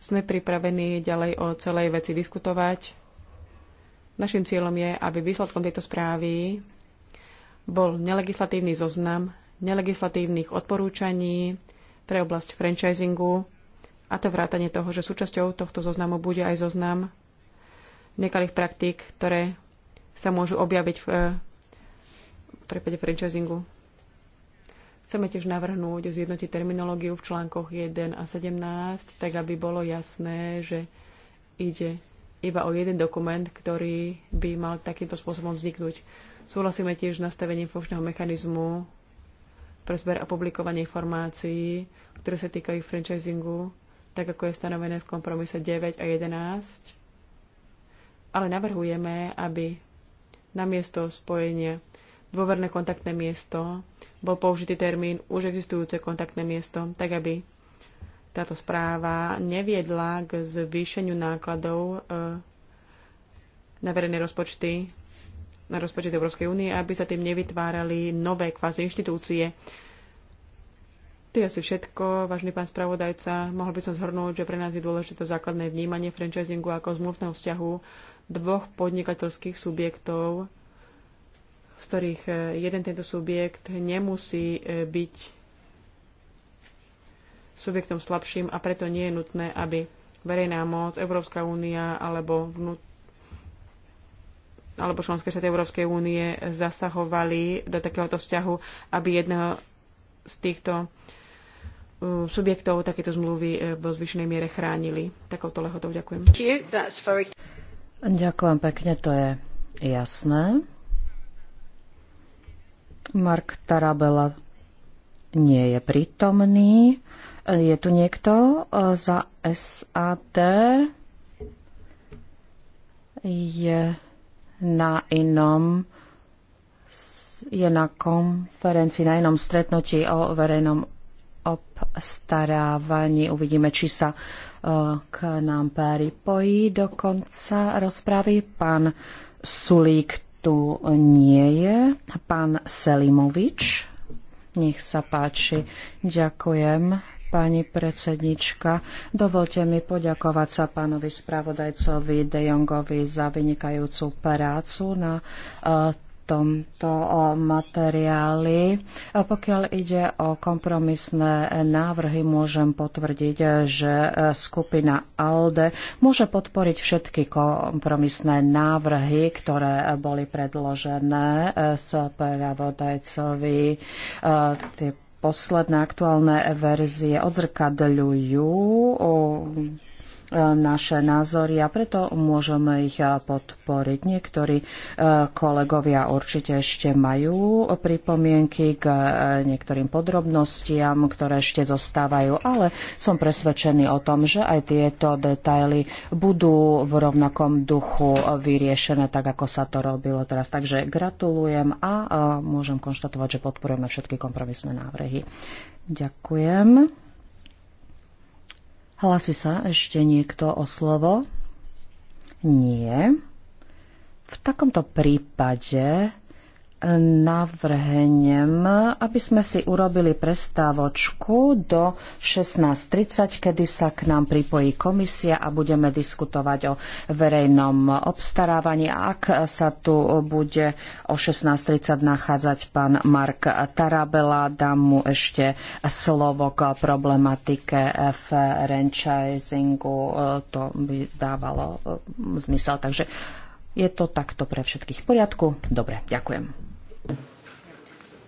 Speaker 4: sme pripravení ďalej o celej veci diskutovať. Našim cieľom je, aby výsledkom tejto správy bol nelegislatívny zoznam nelegislatívnych odporúčaní pre oblasť franchisingu, a to vrátanie toho, že súčasťou tohto zoznamu bude aj zoznam nekalých praktík, ktoré sa môžu objaviť v, v prípade franchisingu. Chceme tiež navrhnúť zjednotiť terminológiu v článkoch 1 a 17, tak aby bolo jasné, že ide iba o jeden dokument, ktorý by mal takýmto spôsobom vzniknúť. Súhlasíme tiež s nastavením funkčného mechanizmu pre zber a publikovanie informácií, ktoré sa týkajú franchisingu, tak ako je stanovené v kompromise 9 a 11. Ale navrhujeme, aby namiesto spojenia dôverné kontaktné miesto, bol použitý termín už existujúce kontaktné miesto, tak aby táto správa neviedla k zvýšeniu nákladov e, na verejné rozpočty, na rozpočet Európskej únie, aby sa tým nevytvárali nové kvázi inštitúcie. To je asi všetko, vážny pán spravodajca. Mohol by som zhrnúť, že pre nás je dôležité to základné vnímanie franchisingu ako zmluvného vzťahu dvoch podnikateľských subjektov, z ktorých e, jeden tento subjekt nemusí e, byť subjektom slabším a preto nie je nutné, aby verejná moc, Európska únia alebo, vnút... alebo členské štáty Európskej únie zasahovali do takéhoto vzťahu, aby jedného z týchto e, subjektov takéto zmluvy vo zvyšnej miere chránili. Takouto lehotou ďakujem.
Speaker 3: Ďakujem pekne, to je jasné. Mark Tarabela nie je prítomný. Je tu niekto e, za SAD? Je na inom je na konferencii, na inom stretnutí o verejnom obstarávaní. Uvidíme, či sa e, k nám pripojí do konca rozpravy pán Sulík tu nie je. Pán Selimovič, nech sa páči. Ďakujem. Pani predsednička, dovolte mi poďakovať sa pánovi spravodajcovi De Jongovi za vynikajúcu prácu na eh, tomto materiáli. Pokiaľ ide o kompromisné návrhy, môžem potvrdiť, že e, skupina ALDE môže podporiť všetky kompromisné návrhy, ktoré boli predložené e, spravodajcovi. pravodajcovi. E, posledné aktuálne verzie odzrkadľujú naše názory a preto môžeme ich podporiť. Niektorí e, kolegovia určite ešte majú pripomienky k e, niektorým podrobnostiam, ktoré ešte zostávajú, ale som presvedčený o tom, že aj tieto detaily budú v rovnakom duchu vyriešené, tak ako sa to robilo teraz. Takže gratulujem a e, môžem konštatovať, že podporujeme všetky kompromisné návrhy. Ďakujem. Hlasí sa ešte niekto o slovo? Nie. V takomto prípade navrhnem, aby sme si urobili prestávočku do 16.30, kedy sa k nám pripojí komisia a budeme diskutovať o verejnom obstarávaní. Ak sa tu bude o 16.30 nachádzať pán Mark Tarabela, dám mu ešte slovo k problematike franchisingu. To by dávalo e, zmysel. Takže je to takto pre všetkých v poriadku? Dobre, ďakujem.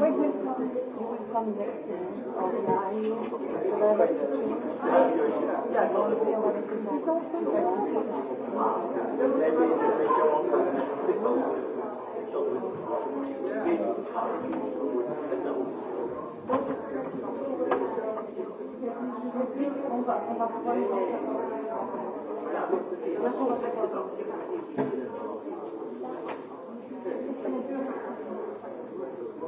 Speaker 5: Wait you come, you will come next year or nine, eleven, You don't think at all on va, on va pouvoir y penser.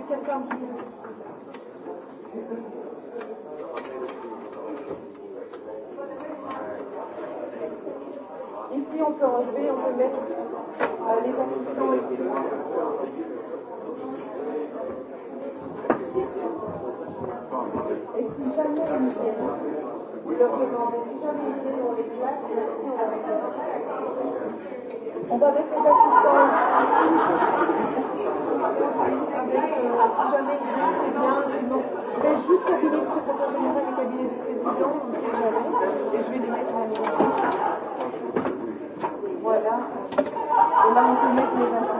Speaker 5: Ici, on peut enlever, on peut mettre euh, les assistants ici. Et si jamais ils viennent, leur demander, si jamais ils viennent, dans les place, et si on leur on va mettre les assistants. Avec, euh, si jamais il vient, c'est bien. Sinon, je vais jusqu'au cabinet du secrétaire général du cabinet du président, on ne sait jamais. Et je vais les mettre en liste. Voilà. Et là, on peut mettre les assistants.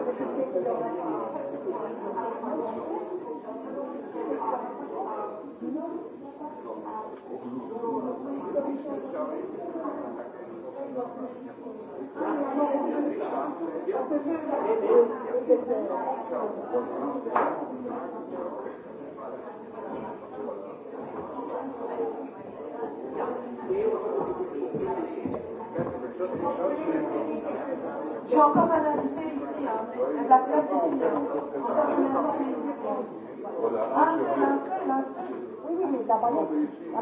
Speaker 5: Çok affedersiniz. Voilà, un seul, un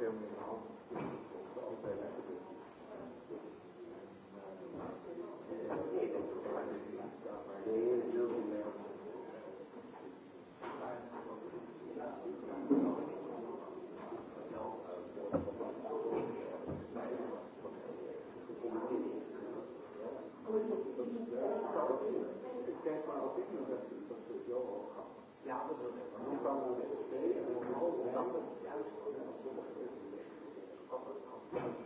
Speaker 5: Yeah, Ja, dat is ook. Dan kan het. Dan kan het juist. Thank you.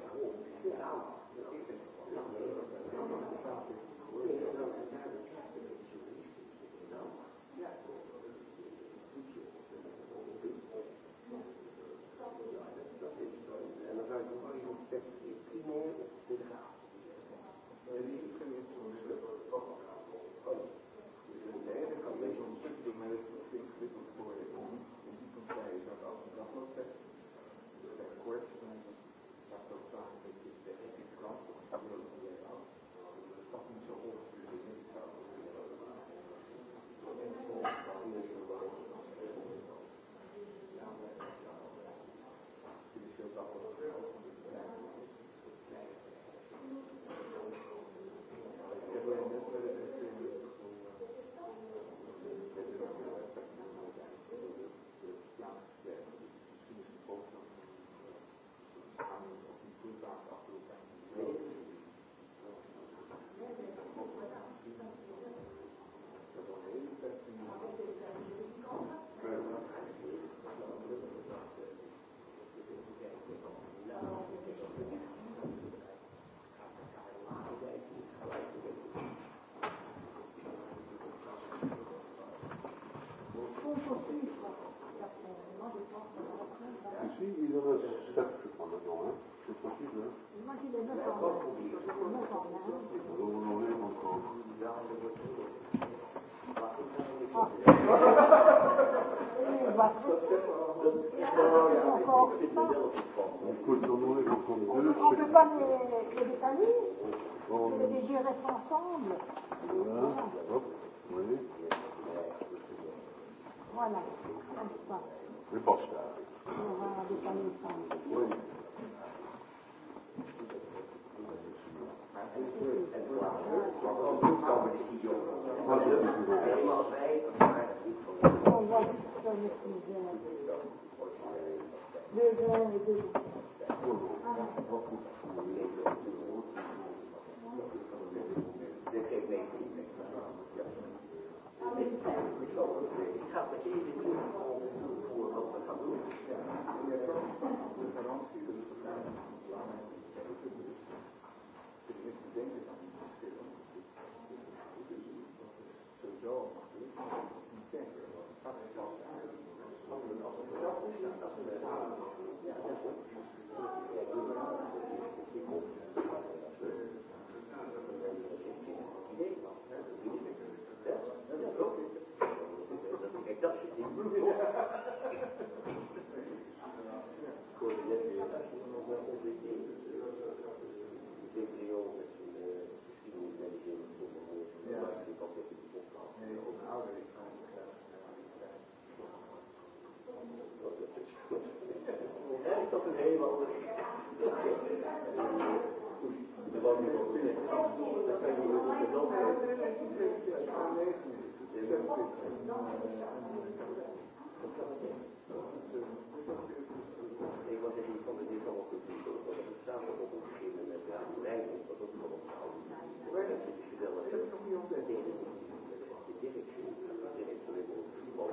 Speaker 5: On peut demander On ne peut pas les, les, les familles, on les gérer ensemble. Voilà. Hop. Oui. Voilà, Je pense. On va les familles ensemble. Oui. Thank Müslüman. Gözlerine gidiyor. Thank you. Yeah.
Speaker 2: dat is helemaal niet. De man die nog binnen dat zijn we ook met dan.
Speaker 5: Ik was echt van de dit allemaal goed doen, dat het samen op moet beginnen met ja, die lijn, dat ook nog opgehouden. Dat is gezellig. Dat is nog niet ontdekt. De directie, de directie, de voetbal, de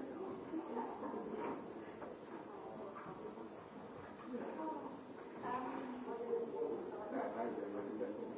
Speaker 5: Thank you.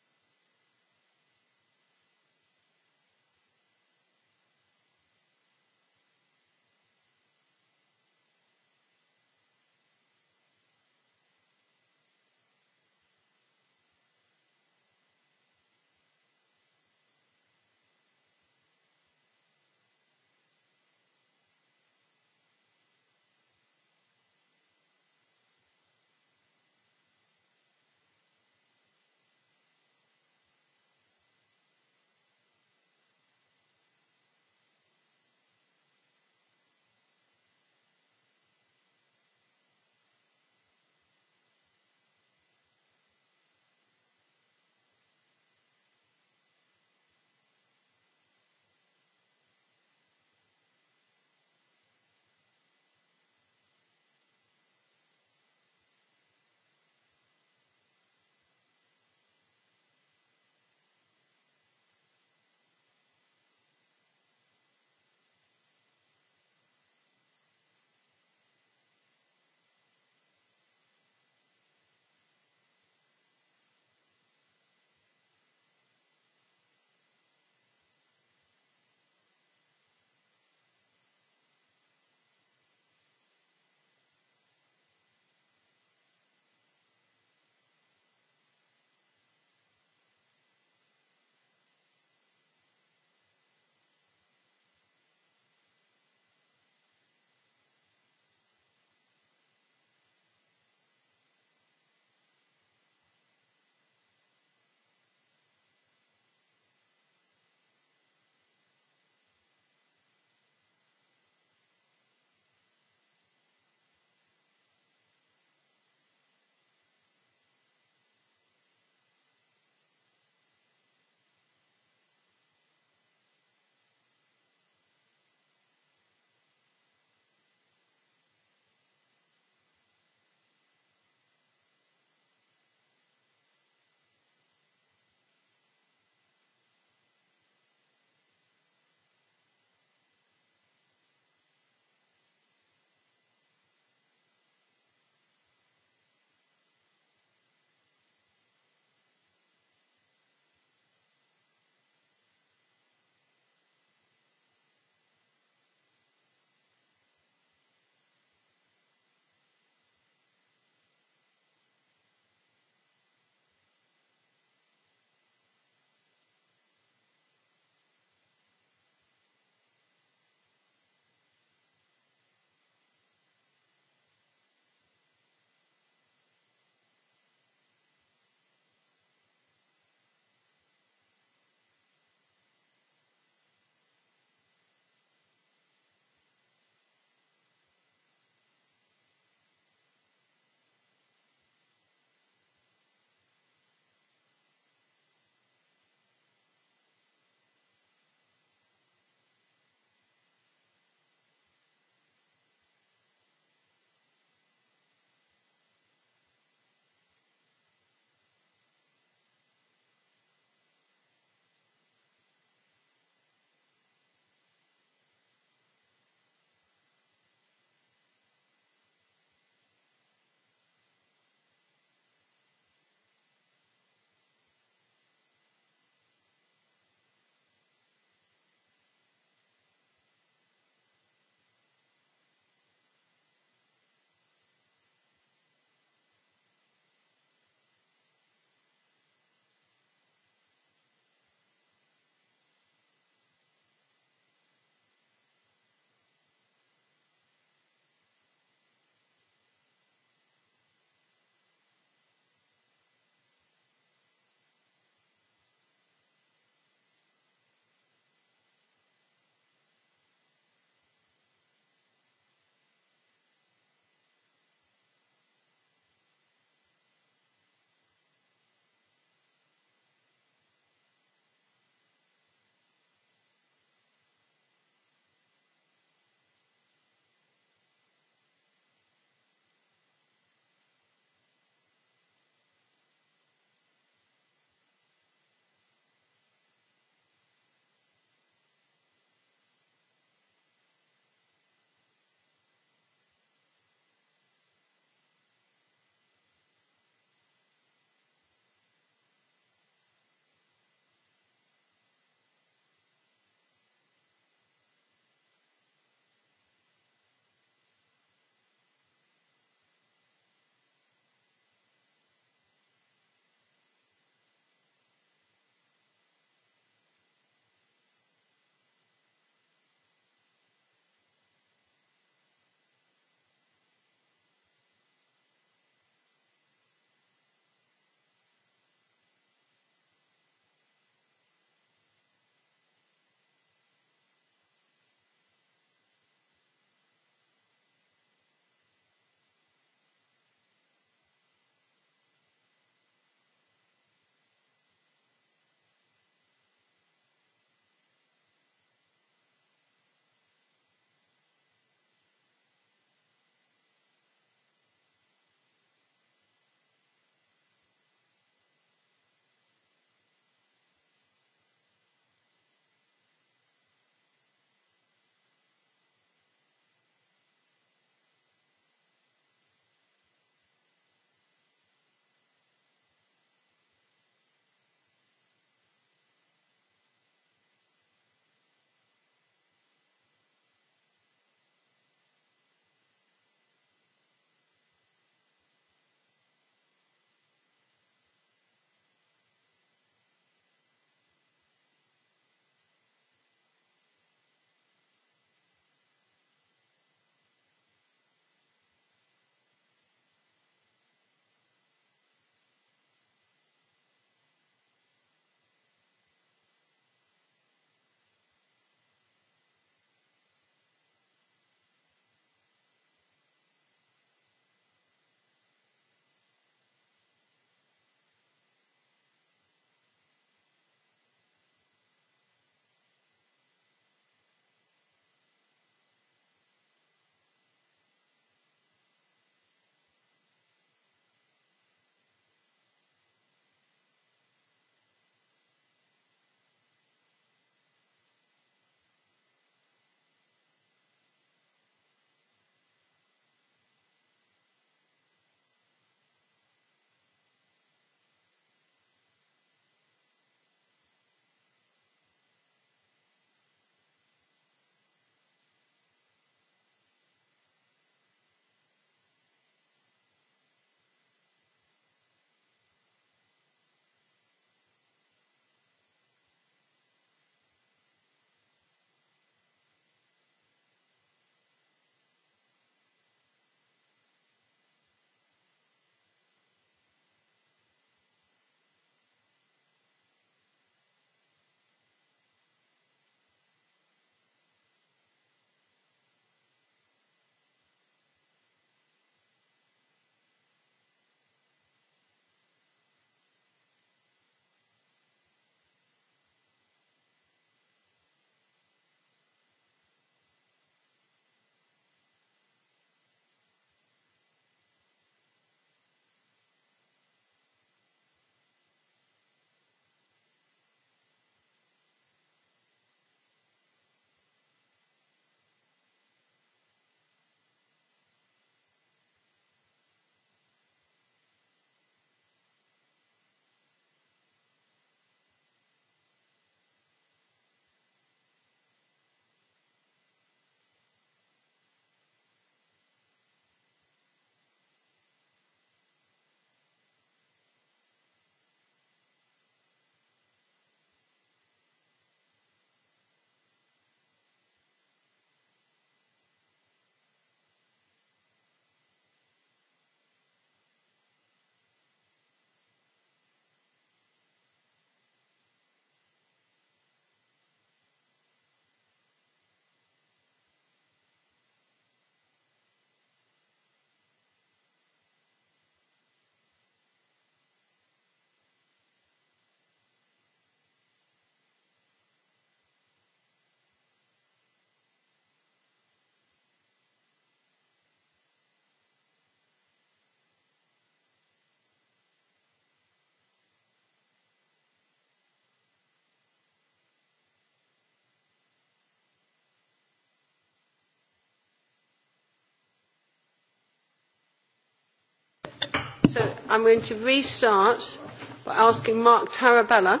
Speaker 1: I'm going to restart by asking Mark Tarabella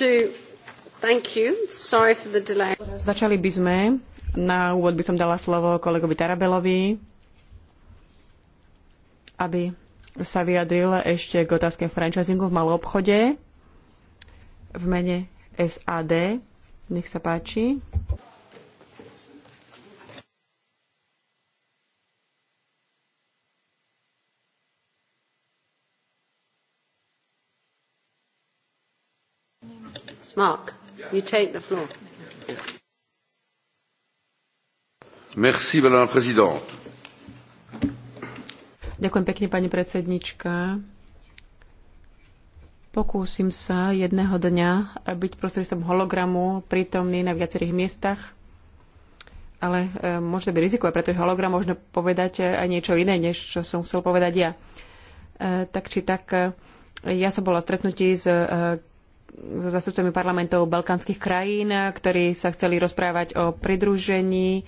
Speaker 1: to thank you. Sorry for the delay.
Speaker 4: Začali by sme. Na úvod by som dala slovo kolegovi Tarabelovi, aby sa vyjadril ešte k otázke franchisingu v malom obchode v mene SAD. Nech sa páči.
Speaker 1: Mark, you take the floor. Merci, madame la présidente.
Speaker 4: Ďakujem pekne, pani predsednička. Pokúsim sa jedného dňa byť prostredstvom hologramu prítomný na viacerých miestach, ale e, môže to byť rizikové, pretože hologram možno povedať e, aj niečo iné, než čo som chcel povedať ja. E, tak či tak, e, ja som bola stretnutí s e, so zastupcami parlamentov balkánskych krajín, ktorí sa chceli rozprávať o pridružení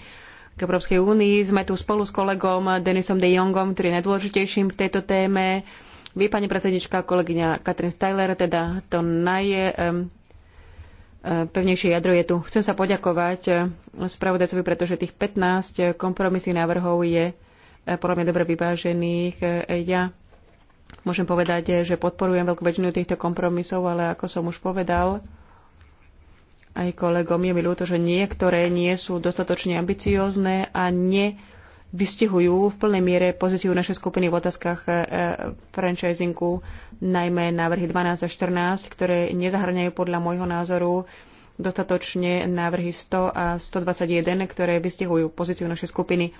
Speaker 4: k Európskej únii. Sme tu spolu s kolegom Denisom de Jongom, ktorý je najdôležitejším v tejto téme. Vy, pani predsednička, kolegyňa Katrin Styler, teda to naj, eh, eh, pevnejšie jadro je tu. Chcem sa poďakovať eh, spravodajcovi, pretože tých 15 kompromisných návrhov je podľa mňa dobre vyvážených. Ja Môžem povedať, že podporujem veľkú väčšinu týchto kompromisov, ale ako som už povedal, aj kolegom je mi ľúto, že niektoré nie sú dostatočne ambiciózne a ne vystihujú v plnej miere pozíciu našej skupiny v otázkach e, franchisingu, najmä návrhy 12 a 14, ktoré nezahrňajú podľa môjho názoru dostatočne návrhy 100 a 121, ktoré vystihujú pozíciu našej skupiny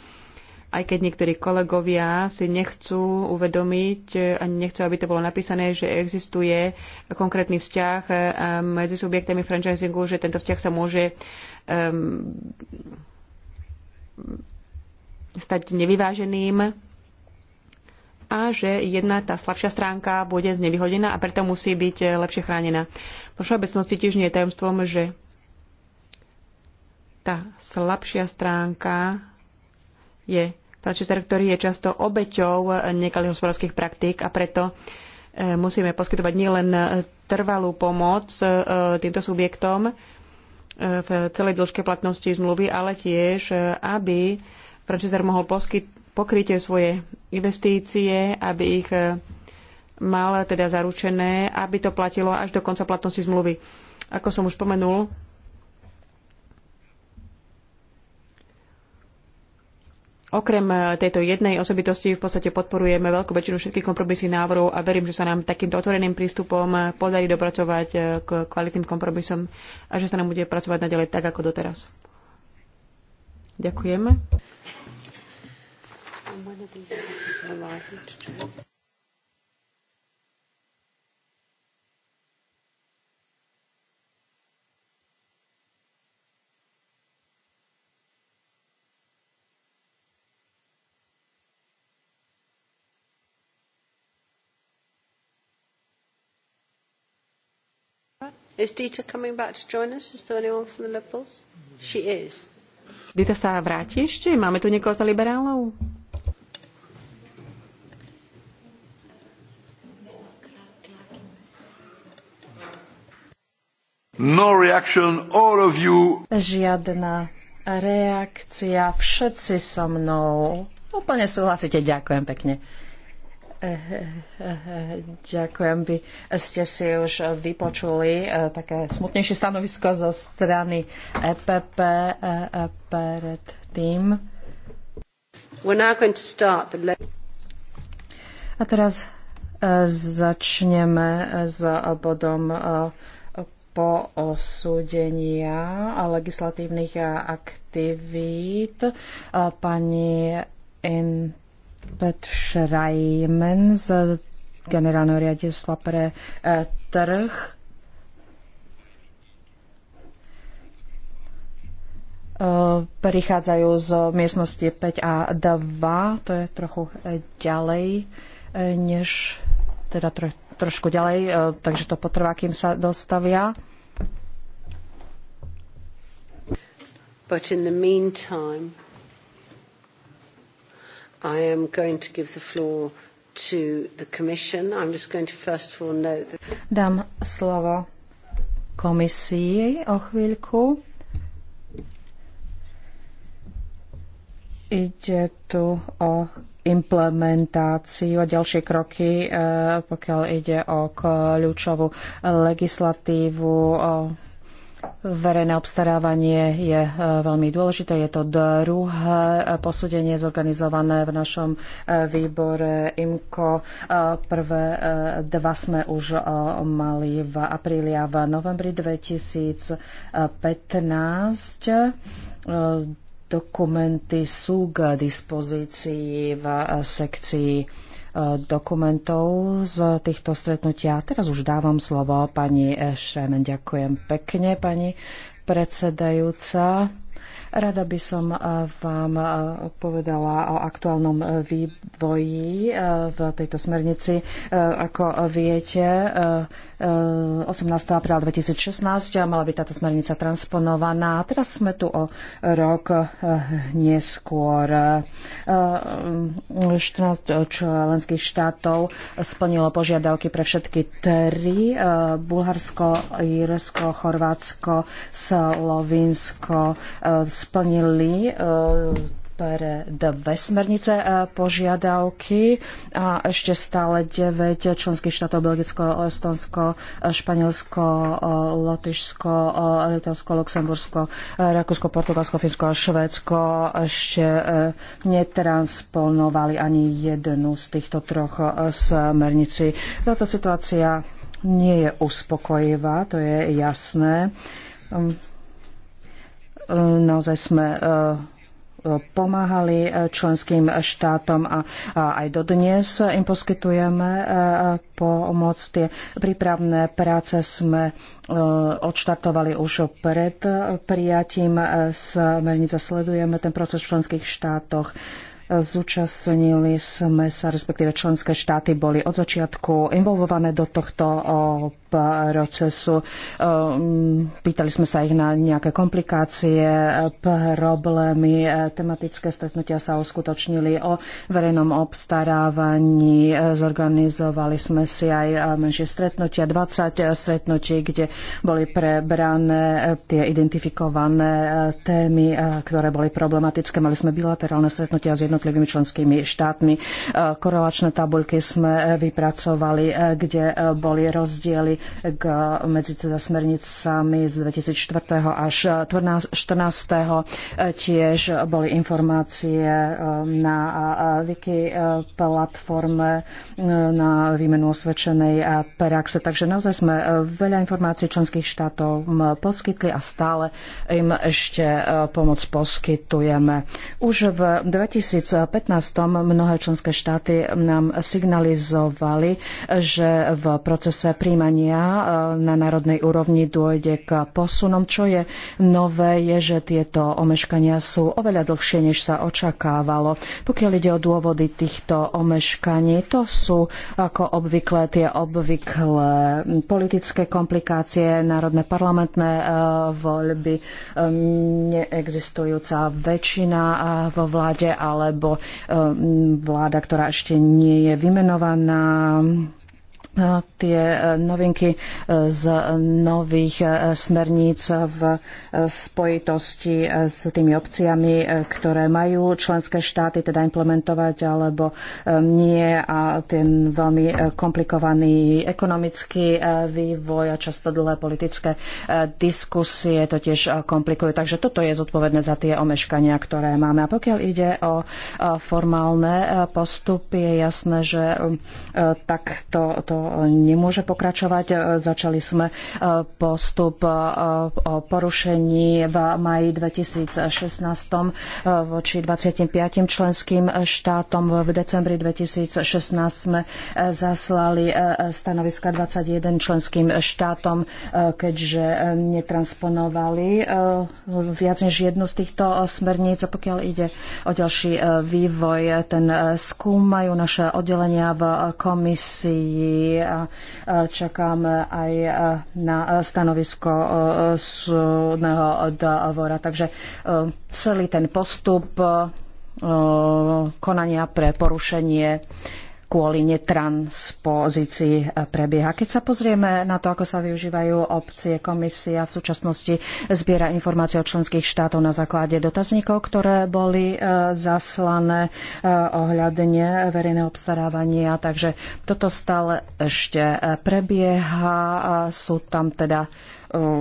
Speaker 4: aj keď niektorí kolegovia si nechcú uvedomiť e, ani nechcú, aby to bolo napísané, že existuje konkrétny vzťah e, medzi subjektami franchisingu, že tento vzťah sa môže um, stať nevyváženým a že jedna tá slabšia stránka bude znevyhodená a preto musí byť e, lepšie chránená. Po všeobecnosti tiež nie je tajomstvom, že tá slabšia stránka je pračistár, ktorý je často obeťou eh, nekalých hospodárskych praktík a preto eh, musíme poskytovať nielen eh, trvalú pomoc týmto subjektom v celej dĺžke platnosti zmluvy, ale tiež, aby franchisor mohol poskyt- pokryť svoje investície, aby ich mal teda zaručené, aby to platilo až do konca platnosti zmluvy. Ako som už spomenul, Okrem eh, tejto jednej osobitosti v podstate podporujeme veľkú väčšinu všetkých kompromisných návrhov a verím, že sa nám takýmto otvoreným prístupom eh, podarí dopracovať eh, k kvalitným kompromisom a že sa nám bude pracovať naďalej tak, ako doteraz. Ďakujeme.
Speaker 1: Is Dita coming back to join us? Is there anyone from the Liberals? She is.
Speaker 4: Dita sa vráti ešte? Máme tu niekoho za liberálov? No reaction, all of you.
Speaker 3: Žiadna reakcia, všetci so mnou. Úplne súhlasíte, ďakujem pekne. Ďakujem, by ste si už vypočuli eh, také smutnejšie stanovisko zo strany EPP eh, pred tým. A teraz eh, začneme s bodom po osúdenia legislatívnych aktivít pani Bert Schreimen z generálneho riadesla pre e, trh. E, prichádzajú z miestnosti 5 a 2, to je trochu e, ďalej, e, než teda tro, trošku ďalej, takže to potrvá, kým sa dostavia.
Speaker 1: But in the meantime, i am going to give the floor to the Commission. I'm just going to first of all note that...
Speaker 3: Dám slovo komisii o chvíľku. Ide tu o implementáciu a ďalšie kroky, eh, pokiaľ ide o kľúčovú legislatívu, o Verejné obstarávanie je e, veľmi dôležité. Je to druhé e, posúdenie zorganizované v našom e, výbore IMCO. Prvé dva sme už mali v apríli a v novembri 2015 dokumenty sú k dispozícii v sekcii dokumentov z týchto stretnutia. Teraz už dávam slovo pani Šremen. Ďakujem pekne, pani predsedajúca. Rada by som e, vám e, povedala o aktuálnom e, vývoji v tejto smernici. Ako viete, 18. apríla 2016 mala byť táto smernica transponovaná. Teraz sme tu o rok neskôr. 14 členských štátov splnilo požiadavky pre všetky tri. Bulharsko, Írsko, Chorvátsko, Slovinsko, splnili e, pre dve smernice e, požiadavky a ešte stále 9 členských štátov Belgicko, Estonsko, Španielsko, e, Lotyšsko, Litovsko, Luxembursko, Rakúsko, Portugalsko, Fínsko a Švédsko ešte netransponovali ani jednu z týchto troch smernici. Táto situácia nie je uspokojivá, to je jasné. Hm. E, naozaj sme e, pomáhali e, členským štátom a aj dodnes im poskytujeme pomoc. Tie prípravné práce sme odštartovali už pred prijatím smernice. Sledujeme ten proces v členských štátoch. Zúčastnili sme sa, respektíve členské štáty boli od začiatku involvované do tohto procesu. Ehm, pýtali sme sa ich na nejaké komplikácie, problémy. E, tematické stretnutia sa uskutočnili o verejnom obstarávaní. Zorganizovali sme si aj e, menšie stretnutia, 20 e, stretnutí, kde boli prebrané tie identifikované témy, ktoré boli problematické. Mali sme bilaterálne stretnutia s jednotlivými členskými štátmi. Korelačné tabuľky sme vypracovali, kde boli rozdiely k medzi teda smernicami z 2004. až 2014. Tiež boli informácie e, na e, Wiki e, platforme na výmenu osvedčenej praxe. Takže naozaj sme veľa informácií členských štátov poskytli a stále im ešte pomoc poskytujeme. Už v 2015 mnohé členské štáty nám signalizovali, že v procese príjmania vzdelávania e, na národnej úrovni dôjde k posunom. Čo je nové, je, že tieto omeškania sú oveľa dlhšie, než sa očakávalo. Pokiaľ ide o dôvody týchto omeškaní, to sú ako obvykle tie obvyklé politické komplikácie, národné parlamentné e, voľby, e, neexistujúca väčšina vo vláde alebo vláda, ktorá ešte nie je vymenovaná E, tie e, novinky e, z nových smerníc v spojitosti s tými opciami, ktoré majú členské štáty teda implementovať alebo nie a ten veľmi komplikovaný ekonomický vývoj a často dlhé politické diskusie to tiež komplikujú. Takže toto je zodpovedné za tie omeškania, ktoré máme. A pokiaľ ide o formálne postupy, je jasné, že takto to nemôže pokračovať. E, začali sme e, postup e, o porušení v maji 2016 voči 25 členským štátom. V decembri 2016 sme zaslali stanoviska 21 členským štátom, keďže netransponovali viac než jednu z týchto smerníc. A pokiaľ ide o ďalší vývoj, ten skúmajú naše oddelenia v komisii a čakáme aj na stanovisko e, súdneho dvora. Takže e, celý ten postup e, konania pre porušenie kvôli netranspozícii prebieha. Keď sa pozrieme na to, ako sa využívajú obcie komisia v súčasnosti zbiera informácie od členských štátov na základe dotazníkov, ktoré boli e, zaslané e, ohľadne verejného obstarávania, takže toto stále ešte e, prebieha. Sú tam teda Eh,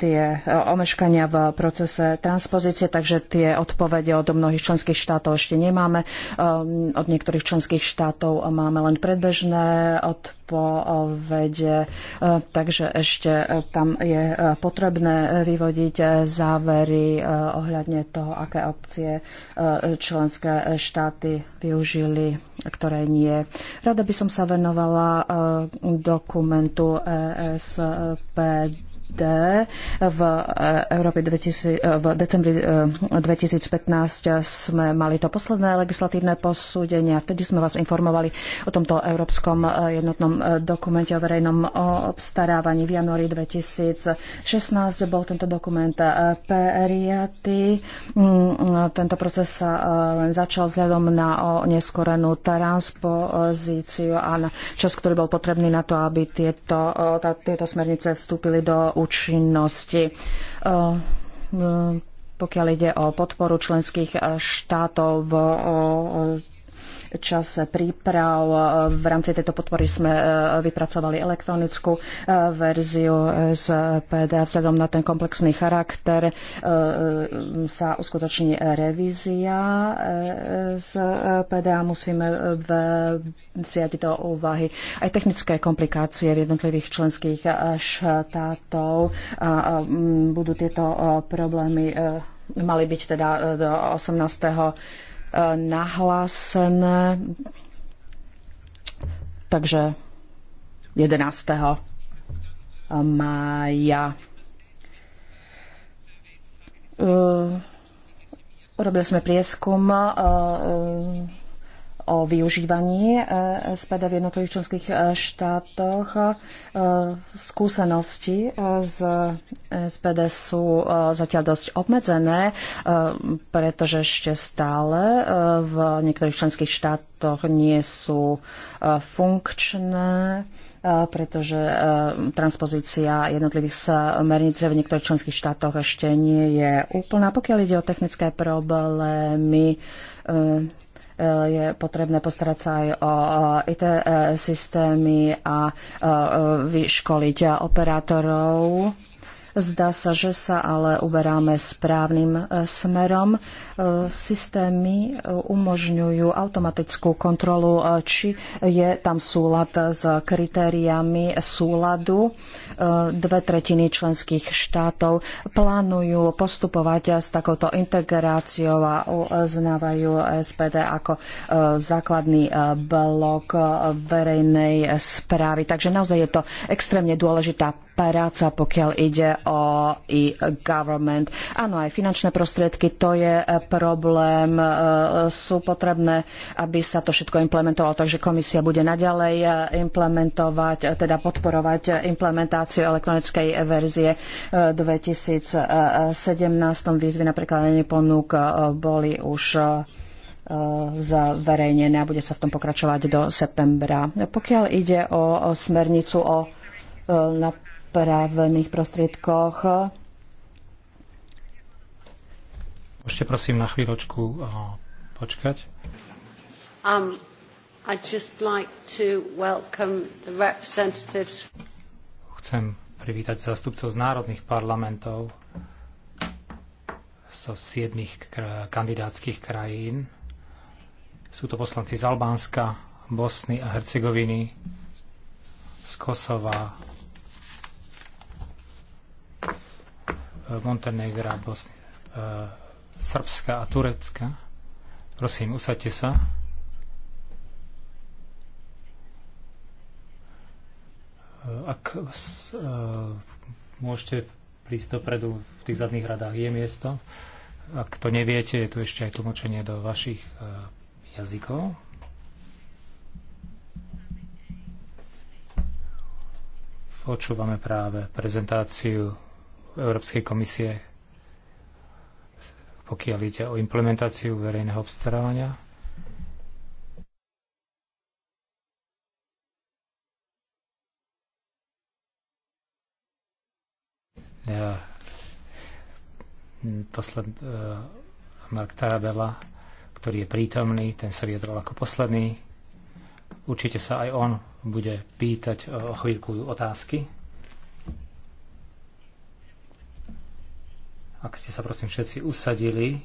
Speaker 3: tie eh, omeškania v procese transpozície, takže tie odpovede od mnohých členských štátov ešte nemáme. Eh, od niektorých členských štátov máme len predbežné odpovede, takže ešte tam je potrebné vyvodiť závery ohľadne toho, aké opcie členské štáty využili, ktoré nie. Rada by som sa venovala dokumentu ESPD D v, e, Európe 2000, e, v decembri 2015 e, sme mali to posledné legislatívne posúdenie a vtedy sme vás informovali o tomto európskom jednotnom dokumente o verejnom obstarávaní. V januári 2016 bol tento dokument prijatý. Mm, tento proces sa len začal vzhľadom na neskorenú transpozíciu a na čas, ktorý bol potrebný na to, aby tieto, tieto smernice vstúpili do účinnosti pokiaľ ide o podporu členských štátov v čase príprav. V rámci tejto podpory sme e, vypracovali elektronickú e, verziu z PDF. Vzhľadom na ten komplexný charakter e, sa uskutoční revízia z PDA. Musíme vziať do úvahy aj technické komplikácie v jednotlivých členských štátov. budú tieto problémy mali byť teda do 18 nahlásené. Takže 11. mája. Urobili sme prieskum eh, o využívaní e, SPD v jednotlivých členských e, štátoch. E, skúsenosti z SPD sú zatiaľ dosť obmedzené, pretože ešte stále v niektorých členských štátoch nie sú funkčné pretože transpozícia jednotlivých smerníc v niektorých členských štátoch ešte nie je úplná. Pokiaľ ide o technické problémy, Eh, je potrebné postarať sa aj o eh, IT eh, systémy a vyškoliť operátorov. Zdá sa, že sa ale uberáme správnym smerom. Systémy umožňujú automatickú kontrolu, či je tam súlad s kritériami súladu E, dve tretiny členských štátov plánujú postupovať s takouto integráciou a uznávajú SPD ako e, základný e, blok verejnej správy. Takže naozaj je to extrémne dôležitá práca, pokiaľ ide o e-government. Áno, aj finančné prostriedky, to je problém. Sú potrebné, aby sa to všetko implementovalo, takže komisia bude naďalej implementovať, teda podporovať implementáciu publikáciu elektronickej verzie 2017. E, výzvy na prekladanie ponúk e, boli už e, zverejnené a bude sa v tom pokračovať do septembra. Pokiaľ ide o smernicu o napravených prostriedkoch.
Speaker 2: Môžete prosím na chvíľočku počkať.
Speaker 1: Um, I'd just like to welcome the representatives
Speaker 2: Chcem privítať zástupcov z národných parlamentov zo so siedmých kandidátskych krajín. Sú to poslanci z Albánska, Bosny a Hercegoviny, z Kosova, Montenegra, Bosny, e, Srbska a Turecka. Prosím, usadte sa. Ak e, môžete prísť dopredu v tých zadných radách, je miesto. Ak to neviete, je tu ešte aj tlmočenie do vašich e, jazykov. Počúvame práve prezentáciu Európskej komisie, pokiaľ ide o implementáciu verejného obstarávania posled, e, Mark Tarabella, ktorý je prítomný, ten sa vyjadroval ako posledný. Určite sa aj on bude pýtať o chvíľku otázky. Ak ste sa prosím všetci usadili,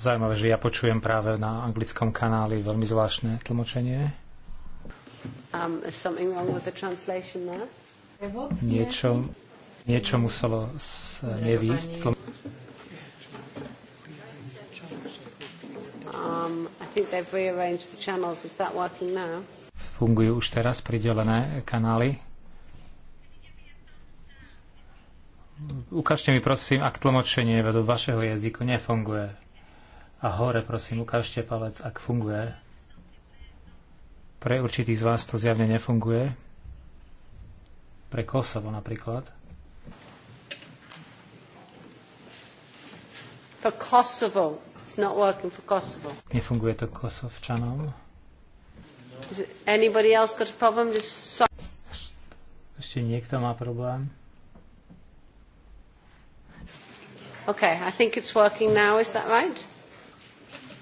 Speaker 2: Zaujímavé, že ja počujem práve na anglickom kanáli veľmi zvláštne tlmočenie.
Speaker 1: Um, niečo,
Speaker 2: niečo muselo s, eh, nevýsť. Um, Fungujú už teraz pridelené kanály. Ukážte mi prosím, ak tlmočenie do vašeho jazyku nefunguje. A hore, prosím, ukážte palec, ak funguje. Pre určitých z vás to zjavne nefunguje. Pre Kosovo napríklad.
Speaker 1: For Kosovo. It's not working for Kosovo.
Speaker 2: Nefunguje to Kosovčanom.
Speaker 1: Is anybody else got a problem? Just...
Speaker 2: Ešte niekto má problém?
Speaker 1: Okay, I think it's working now, is that right?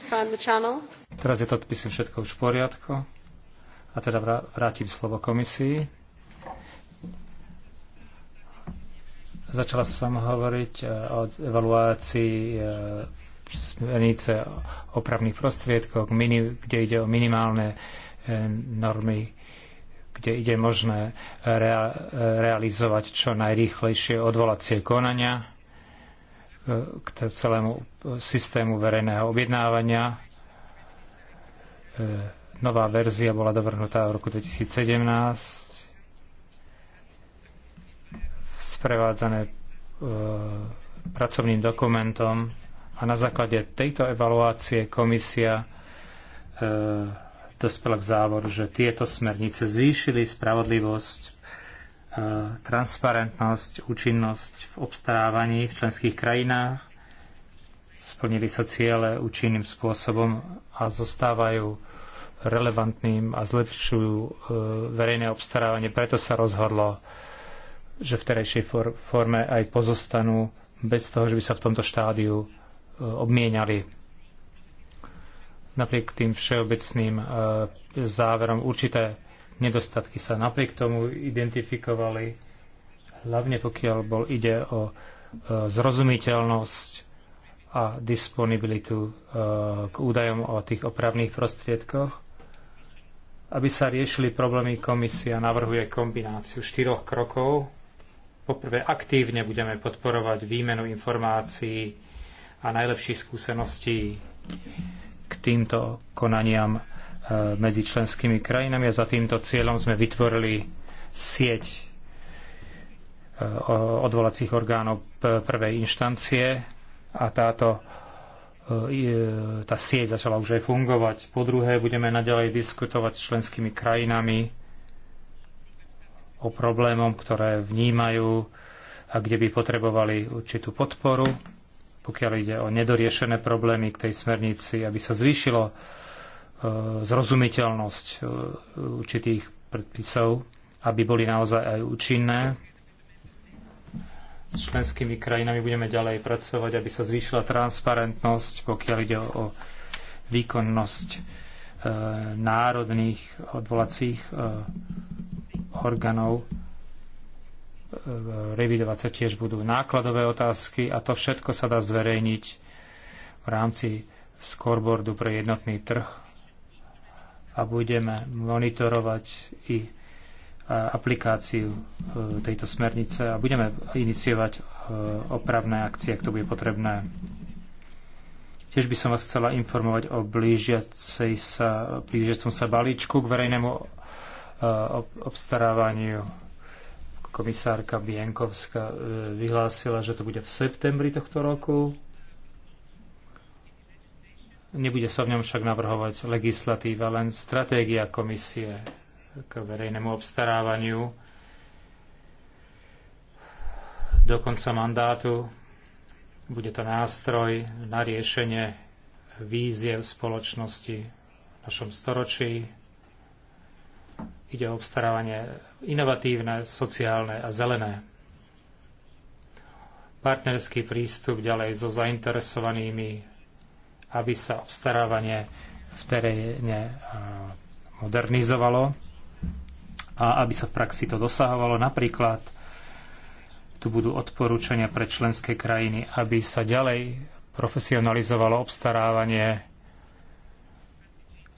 Speaker 1: Find the
Speaker 2: channel. Teraz je to, myslím, všetko už v poriadku. A teda vrátim slovo komisii. Začala som hovoriť e, o evaluácii e, smernice opravných prostriedkov, kde ide o minimálne e, normy, kde ide možné realizovať čo najrýchlejšie odvolacie konania k celému systému verejného objednávania. E, nová verzia bola dovrhnutá v roku 2017 sprevádzané e, pracovným dokumentom a na základe tejto evaluácie komisia e, dospela k závoru, že tieto smernice zvýšili spravodlivosť E, transparentnosť, účinnosť v obstarávaní v členských krajinách. Splnili sa ciele účinným spôsobom a zostávajú relevantným a zlepšujú e, verejné obstarávanie. Preto sa rozhodlo, že v terejšej forme aj pozostanú bez toho, že by sa v tomto štádiu e, obmieniali napriek tým všeobecným záverom určité Nedostatky sa napriek tomu identifikovali, hlavne pokiaľ bol, ide o e, zrozumiteľnosť a disponibilitu e, k údajom o tých opravných prostriedkoch. Aby sa riešili problémy, komisia navrhuje kombináciu štyroch krokov. Poprvé, aktívne budeme podporovať výmenu informácií a najlepších skúseností k týmto konaniam Eh, medzi členskými krajinami a za týmto cieľom sme vytvorili sieť eh, odvolacích orgánov prvej inštancie a táto eh, tá sieť začala už aj fungovať. Po druhé, budeme naďalej diskutovať s členskými krajinami o problémom, ktoré vnímajú a kde by potrebovali určitú podporu, pokiaľ ide o nedoriešené problémy k tej smernici, aby sa zvýšilo E, zrozumiteľnosť e, určitých predpisov, aby boli naozaj aj účinné. S členskými krajinami budeme ďalej pracovať, aby sa zvýšila transparentnosť, pokiaľ ide o výkonnosť e, národných odvolacích orgánov. revidovať sa tiež budú nákladové otázky a to všetko sa dá zverejniť v rámci scoreboardu pre jednotný trh a budeme monitorovať i e, aplikáciu e, tejto smernice a budeme iniciovať e, opravné akcie, ak to bude potrebné. Tiež by som vás chcela informovať o blížiacej sa, blížiacom sa balíčku k verejnému obstarávaniu. Komisárka Bienkovská vyhlásila, že to bude v septembri tohto roku Nebude sa v ňom však navrhovať legislatíva, len stratégia komisie k verejnému obstarávaniu do konca mandátu. Bude to nástroj na riešenie v spoločnosti v našom storočí. Ide o obstarávanie inovatívne, sociálne a zelené. Partnerský prístup ďalej so zainteresovanými aby sa obstarávanie v teréne modernizovalo a aby sa v praxi to dosahovalo. Napríklad tu budú odporúčania pre členské krajiny, aby sa ďalej profesionalizovalo obstarávanie.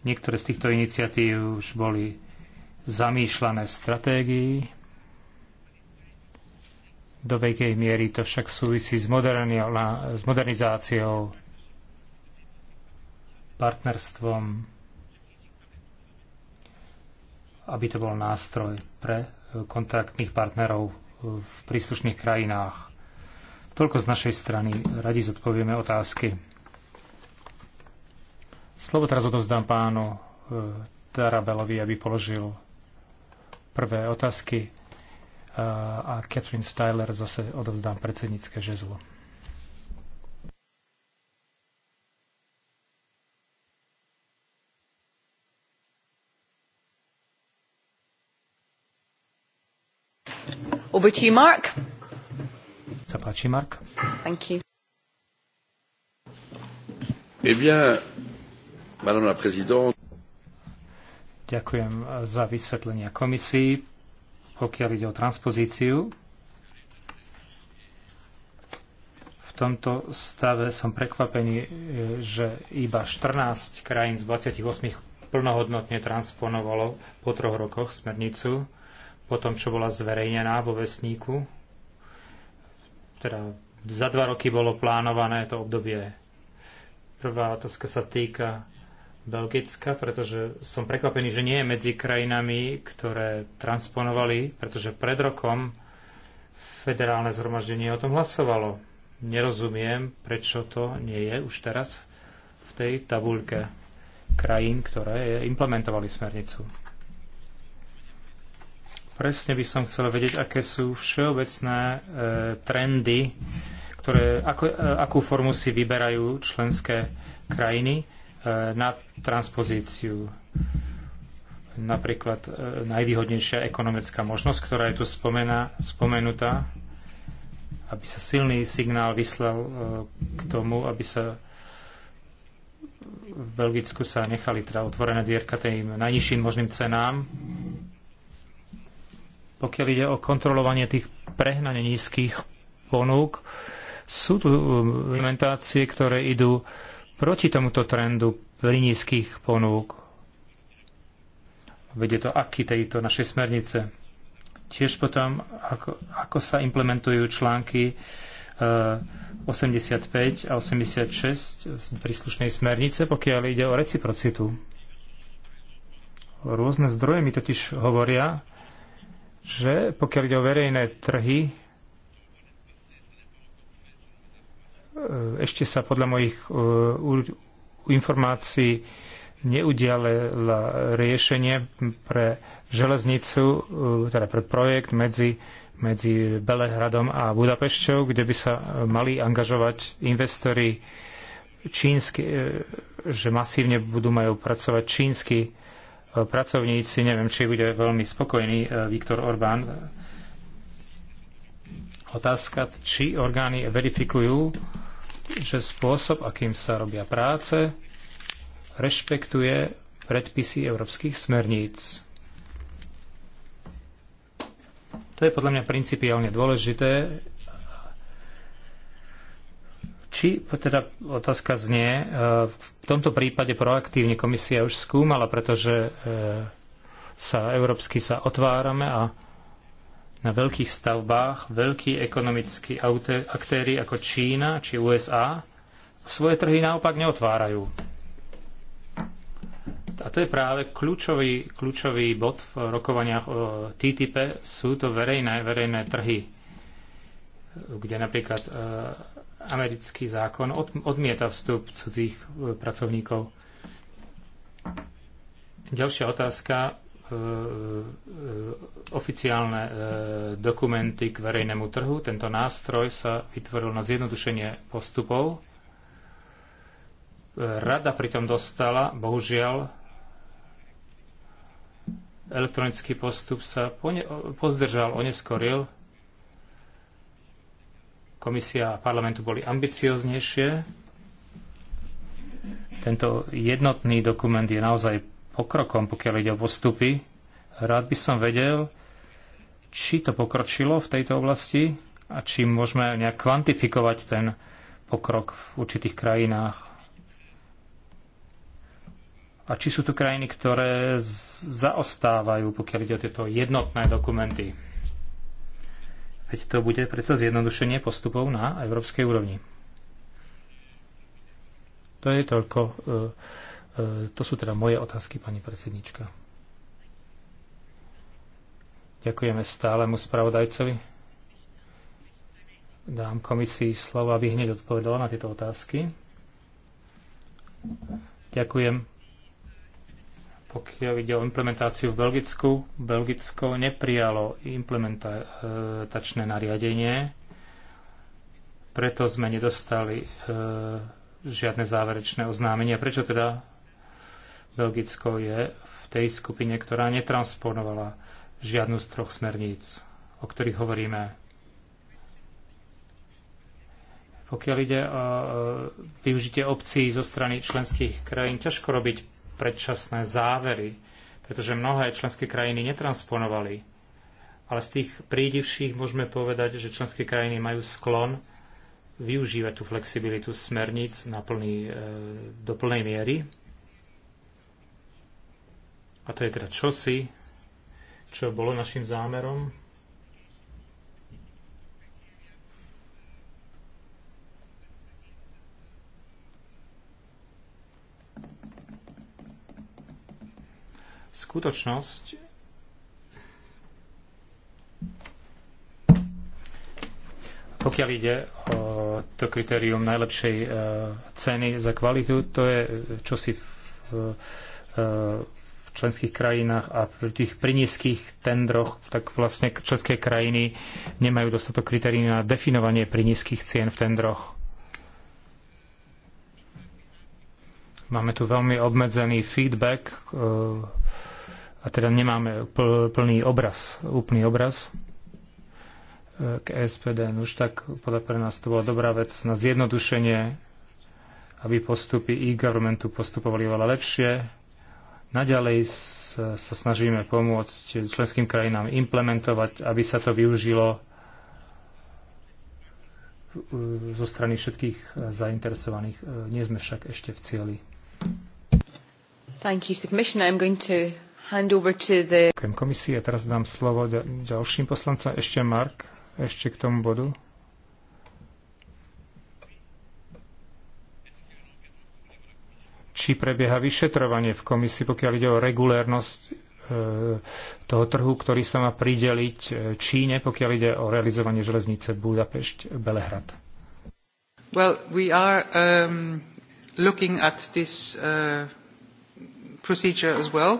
Speaker 2: Niektoré z týchto iniciatív už boli zamýšľané v stratégii. Do veľkej miery to však súvisí s, s modernizáciou partnerstvom, aby to bol nástroj pre e, kontaktných partnerov e, v príslušných krajinách. Toľko z našej strany. Radi zodpovieme otázky. Slovo teraz odovzdám pánu e, Tarabelovi, aby položil prvé otázky a Catherine Styler zase odovzdám predsednícke žezlo.
Speaker 1: Over to you, Mark.
Speaker 2: Sa páči, Mark. Thank you. Eh bien,
Speaker 1: madame la présidente.
Speaker 2: Ďakujem za vysvetlenia komisii, pokiaľ ide o transpozíciu. V tomto stave som prekvapený, eh, že iba 14 krajín z 28 plnohodnotne transponovalo po troch rokoch smernicu po tom, čo bola zverejnená vo vesníku. Teda za dva roky bolo plánované to obdobie. Prvá otázka sa týka Belgicka, pretože som prekvapený, že nie je medzi krajinami, ktoré transponovali, pretože pred rokom federálne zhromaždenie o tom hlasovalo. Nerozumiem, prečo to nie je už teraz v tej tabulke krajín, ktoré implementovali smernicu presne by som chcel vedieť, aké sú všeobecné e, trendy, ktoré, ako, e, akú formu si vyberajú členské krajiny e, na transpozíciu. Napríklad najvýhodnejšia ekonomická možnosť, ktorá je tu spomená, spomenutá, aby sa silný signál vyslal k tomu, aby sa v Belgicku sa nechali teda otvorené dvierka tým najnižším možným cenám pokiaľ ide o kontrolovanie tých prehnane nízkych ponúk, sú tu um, implementácie, ktoré idú proti tomuto trendu pri nízkych ponúk. Vedie to aký tejto našej smernice. Tiež potom, ako, ako sa implementujú články 85 uh, a 86 z príslušnej smernice, pokiaľ ide o reciprocitu. Rôzne zdroje mi totiž hovoria, že pokiaľ ide o verejné trhy, e, ešte sa podľa mojich e, informácií neudiala riešenie pre železnicu, e, teda pre projekt medzi, medzi Belehradom a Budapešťou, kde by sa mali angažovať investori čínsky, že masívne budú majú pracovať čínsky pracovníci, neviem, či bude veľmi spokojný e, Viktor Orbán. Otázka, či orgány verifikujú, že spôsob, akým sa robia práce, rešpektuje predpisy európskych smerníc. To je podľa mňa principiálne dôležité, či teda otázka znie, e, v tomto prípade proaktívne komisia už skúmala, pretože e, sa európsky sa otvárame a na veľkých stavbách veľkí ekonomickí aktéry ako Čína či USA svoje trhy naopak neotvárajú. A to je práve kľúčový, kľúčový bod v rokovaniach o TTIP. Sú to verejné, verejné trhy, kde napríklad e, americký zákon odmieta vstup cudzích e, pracovníkov. Ďalšia otázka. E, e, oficiálne dokumenty k verejnému trhu. Tento nástroj sa vytvoril na zjednodušenie postupov. Rada pritom dostala, bohužiaľ, elektronický postup sa pozdržal, oneskoril Komisia a parlamentu boli ambicioznejšie. Tento jednotný dokument je naozaj pokrokom, pokiaľ ide o postupy. Rád by som vedel, či to pokročilo v tejto oblasti a či môžeme nejak kvantifikovať ten pokrok v určitých krajinách. A či sú tu krajiny, ktoré zaostávajú, pokiaľ ide o tieto jednotné dokumenty. Veď to bude predsa zjednodušenie postupov na európskej úrovni. To je toľko. E, e, to sú teda moje otázky, pani predsednička. Ďakujeme stálemu spravodajcovi. Dám komisii slovo, aby hneď odpovedala na tieto otázky. Ďakujem. Pokiaľ ide o implementáciu v Belgicku, Belgicko neprijalo implementačné e, nariadenie, preto sme nedostali e, žiadne záverečné oznámenie. Prečo teda Belgicko je v tej skupine, ktorá netransponovala žiadnu z troch smerníc, o ktorých hovoríme? Pokiaľ ide o e, využitie obcí zo strany členských krajín, ťažko robiť predčasné závery, pretože mnohé členské krajiny netransponovali. Ale z tých prídivších môžeme povedať, že členské krajiny majú sklon využívať tú flexibilitu smerníc na plný, e, do plnej miery. A to je teda čosi, čo bolo našim zámerom skutočnosť, pokiaľ ide o to kritérium najlepšej e, ceny za kvalitu, to je e, čosi v, e, v členských krajinách a v tých prinízkých tendroch, tak vlastne členské krajiny nemajú dostatok kritérií na definovanie prinízkych cien v tendroch. Máme tu veľmi obmedzený feedback eh, a teda nemáme plný obraz, úplný obraz eh, k SPD. No už tak podľa pre nás to bola dobrá vec na zjednodušenie, aby postupy e-governmentu postupovali veľa lepšie. Naďalej sa snažíme pomôcť členským krajinám implementovať, aby sa to využilo eh, zo strany všetkých zainteresovaných. Nie sme však ešte v cieli.
Speaker 4: Thank you to the Commissioner. I'm going to hand over to the...
Speaker 2: Ďakujem komisii a teraz dám slovo ďalším poslancom. Ešte Mark, ešte k tomu bodu. Či prebieha vyšetrovanie v komisii, pokiaľ ide o regulérnosť e, toho trhu, ktorý sa má prideliť e, Číne, pokiaľ ide o realizovanie železnice Budapešť-Belehrad?
Speaker 1: Well, we are um, looking at this uh, procedure as well.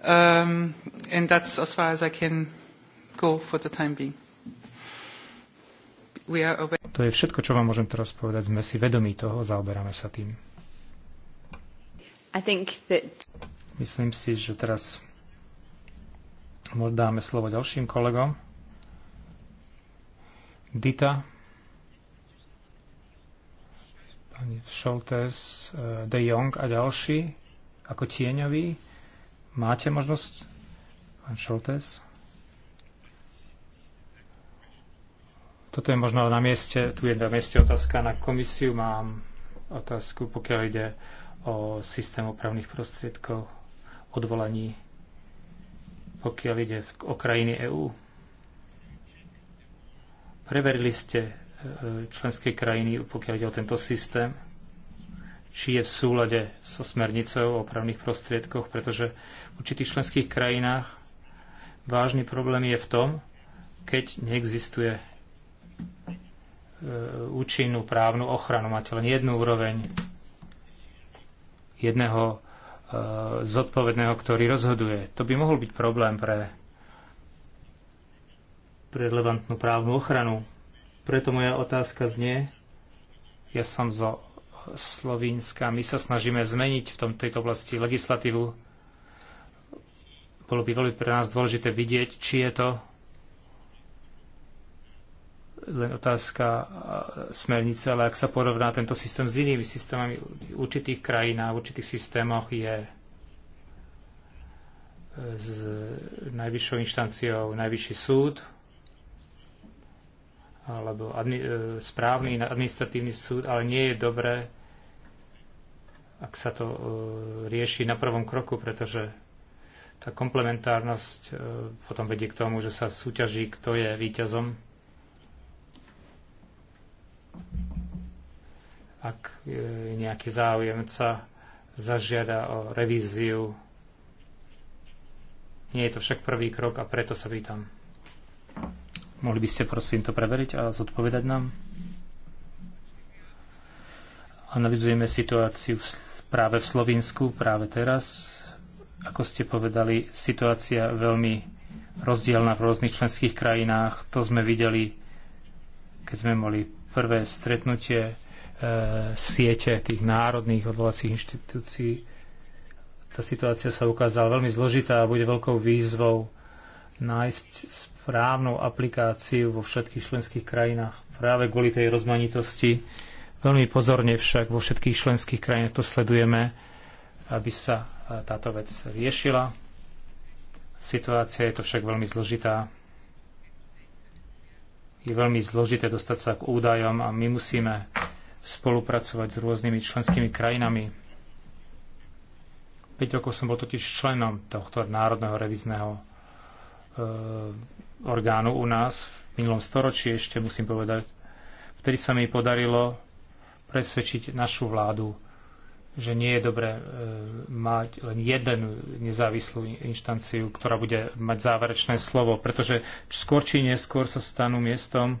Speaker 1: Um, and that's as far as I can go for the time being. We are aware.
Speaker 2: To je všetko, čo vám môžem teraz povedať. Sme si vedomí toho, zaoberáme sa tým.
Speaker 4: I think that...
Speaker 2: Myslím si, že teraz dáme slovo ďalším kolegom. Dita, pani Šoltes, eh, De Jong a ďalší ako tieňový. Máte možnosť, pán Šoltes? Toto je možno na mieste, tu je na mieste otázka na komisiu. Mám otázku, pokiaľ ide o systém opravných prostriedkov, odvolaní, pokiaľ ide o krajiny EÚ. Preverili ste e, členské krajiny, pokiaľ ide o tento systém? či je v súlade so smernicou o opravných prostriedkoch, pretože v určitých členských krajinách vážny problém je v tom, keď neexistuje e, účinnú právnu ochranu. Máte len jednu úroveň jedného e, zodpovedného, ktorý rozhoduje. To by mohol byť problém pre, pre relevantnú právnu ochranu. Preto moja otázka znie, ja som zo Slovínska. My sa snažíme zmeniť v tom, tejto oblasti legislatívu. Bolo by veľmi pre nás dôležité vidieť, či je to len otázka smernice, ale ak sa porovná tento systém s inými systémami v určitých krajinách, v určitých systémoch je e, s najvyššou inštanciou najvyšší súd, alebo admi- e, správny administratívny súd, ale nie je dobré, ak sa to e, rieši na prvom kroku, pretože tá komplementárnosť e, potom vedie k tomu, že sa súťaží, kto je víťazom. Ak nejaký záujemca zažiada o revíziu, nie je to však prvý krok a preto sa pýtam. Mohli by ste prosím to preveriť a zodpovedať nám? Analizujeme situáciu v, práve v Slovensku, práve teraz. Ako ste povedali, situácia veľmi rozdielna v rôznych členských krajinách. To sme videli, keď sme mali prvé stretnutie e, siete tých národných odvolacích inštitúcií. Tá situácia sa ukázala veľmi zložitá a bude veľkou výzvou nájsť správnu aplikáciu vo všetkých členských krajinách práve kvôli tej rozmanitosti. Veľmi pozorne však vo všetkých členských krajinách to sledujeme, aby sa e, táto vec riešila. Situácia je to však veľmi zložitá. Je veľmi zložité dostať sa k údajom a my musíme spolupracovať s rôznymi členskými krajinami. 5 rokov som bol totiž členom tohto Národného revizného Eh, orgánu u nás v minulom storočí ešte musím povedať. Vtedy sa mi podarilo presvedčiť našu vládu, že nie je dobré eh, mať len jeden nezávislú inštanciu, ktorá bude mať záverečné slovo, pretože skôr či neskôr sa stanú miestom,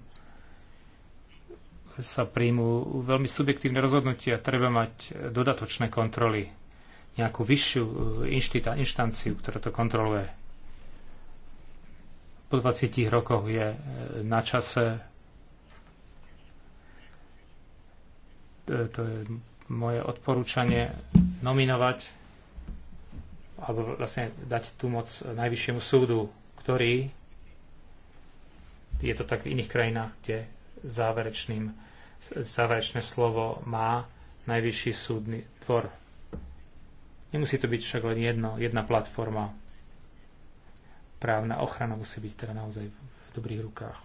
Speaker 2: sa príjmú veľmi subjektívne rozhodnutia. Treba mať eh, dodatočné kontroly, nejakú vyššiu inštanciu, ktorá to kontroluje po 20 rokoch je e, na čase. E, to je moje odporúčanie nominovať alebo vlastne dať tú moc najvyššiemu súdu, ktorý je to tak v iných krajinách, kde záverečným, záverečné slovo má najvyšší súdny dvor. Nemusí to byť však len jedno, jedna platforma právna ochrana musí byť teda naozaj v dobrých rukách.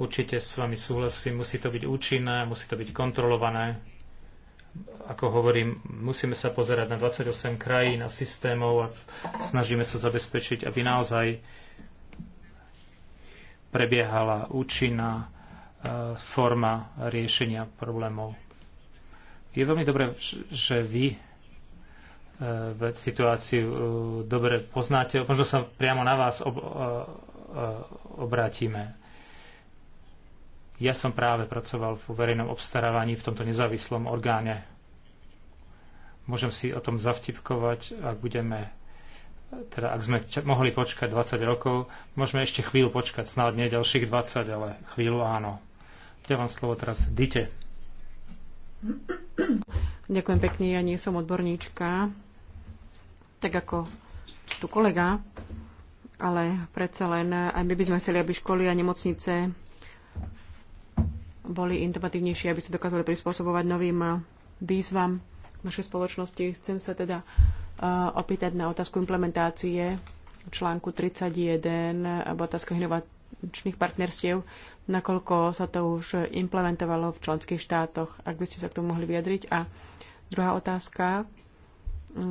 Speaker 2: Určite s vami súhlasím, musí to byť účinné, musí to byť kontrolované. Ako hovorím, musíme sa pozerať na 28 krajín a systémov a snažíme sa zabezpečiť, aby naozaj prebiehala účinná e, forma riešenia problémov. Je veľmi dobré, že vy E, situáciu e, dobre poznáte. Možno sa priamo na vás ob, e, obrátime. Ja som práve pracoval v verejnom obstarávaní v tomto nezávislom orgáne. Môžem si o tom zavtipkovať, ak budeme teda ak sme mohli počkať 20 rokov, môžeme ešte chvíľu počkať, snáď nie ďalších 20, ale chvíľu áno. vám slovo teraz Dite.
Speaker 4: Ďakujem pekne, ja nie som odborníčka tak ako tu kolega, ale predsa len aj my by sme chceli, aby školy a nemocnice boli intubatívnejšie, aby sa dokázali prispôsobovať novým výzvam našej spoločnosti. Chcem sa teda e, opýtať na otázku implementácie článku 31 alebo otázkach inovačných partnerstiev, nakoľko sa to už implementovalo v členských štátoch. Ak by ste sa k tomu mohli vyjadriť. A druhá otázka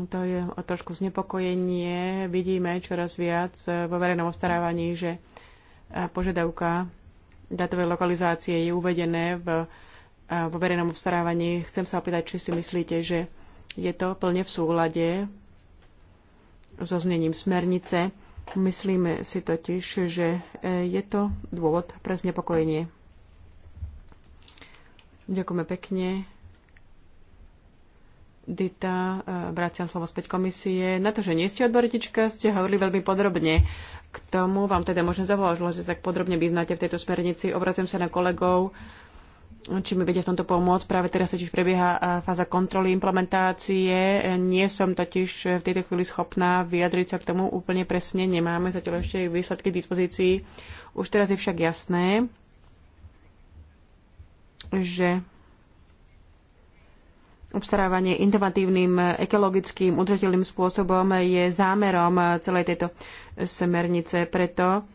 Speaker 4: to je o trošku znepokojenie. Vidíme čoraz viac vo verejnom ostarávaní, že požiadavka datovej lokalizácie je uvedené v, vo verejnom obstarávaní. Chcem sa opýtať, či si myslíte, že je to plne v súlade so znením smernice. Myslíme si totiž, že e, je to dôvod pre znepokojenie. Ďakujeme pekne. Dita, e, vraciam slovo späť komisie. Na to, že nie ste odborníčka, ste hovorili veľmi podrobne. K tomu vám teda možno zavolal, že tak podrobne vyznáte v tejto smernici. Obracujem sa na kolegov, či mi vedia v tomto pomôcť. Práve teraz totiž prebieha e, fáza kontroly implementácie. Nie som totiž e, v tejto chvíli schopná vyjadriť sa k tomu úplne presne. Nemáme zatiaľ ešte výsledky k dispozícii. Už teraz je však jasné, že obstarávanie inovatívnym, ekologickým, udržateľným spôsobom je zámerom celej tejto smernice. Preto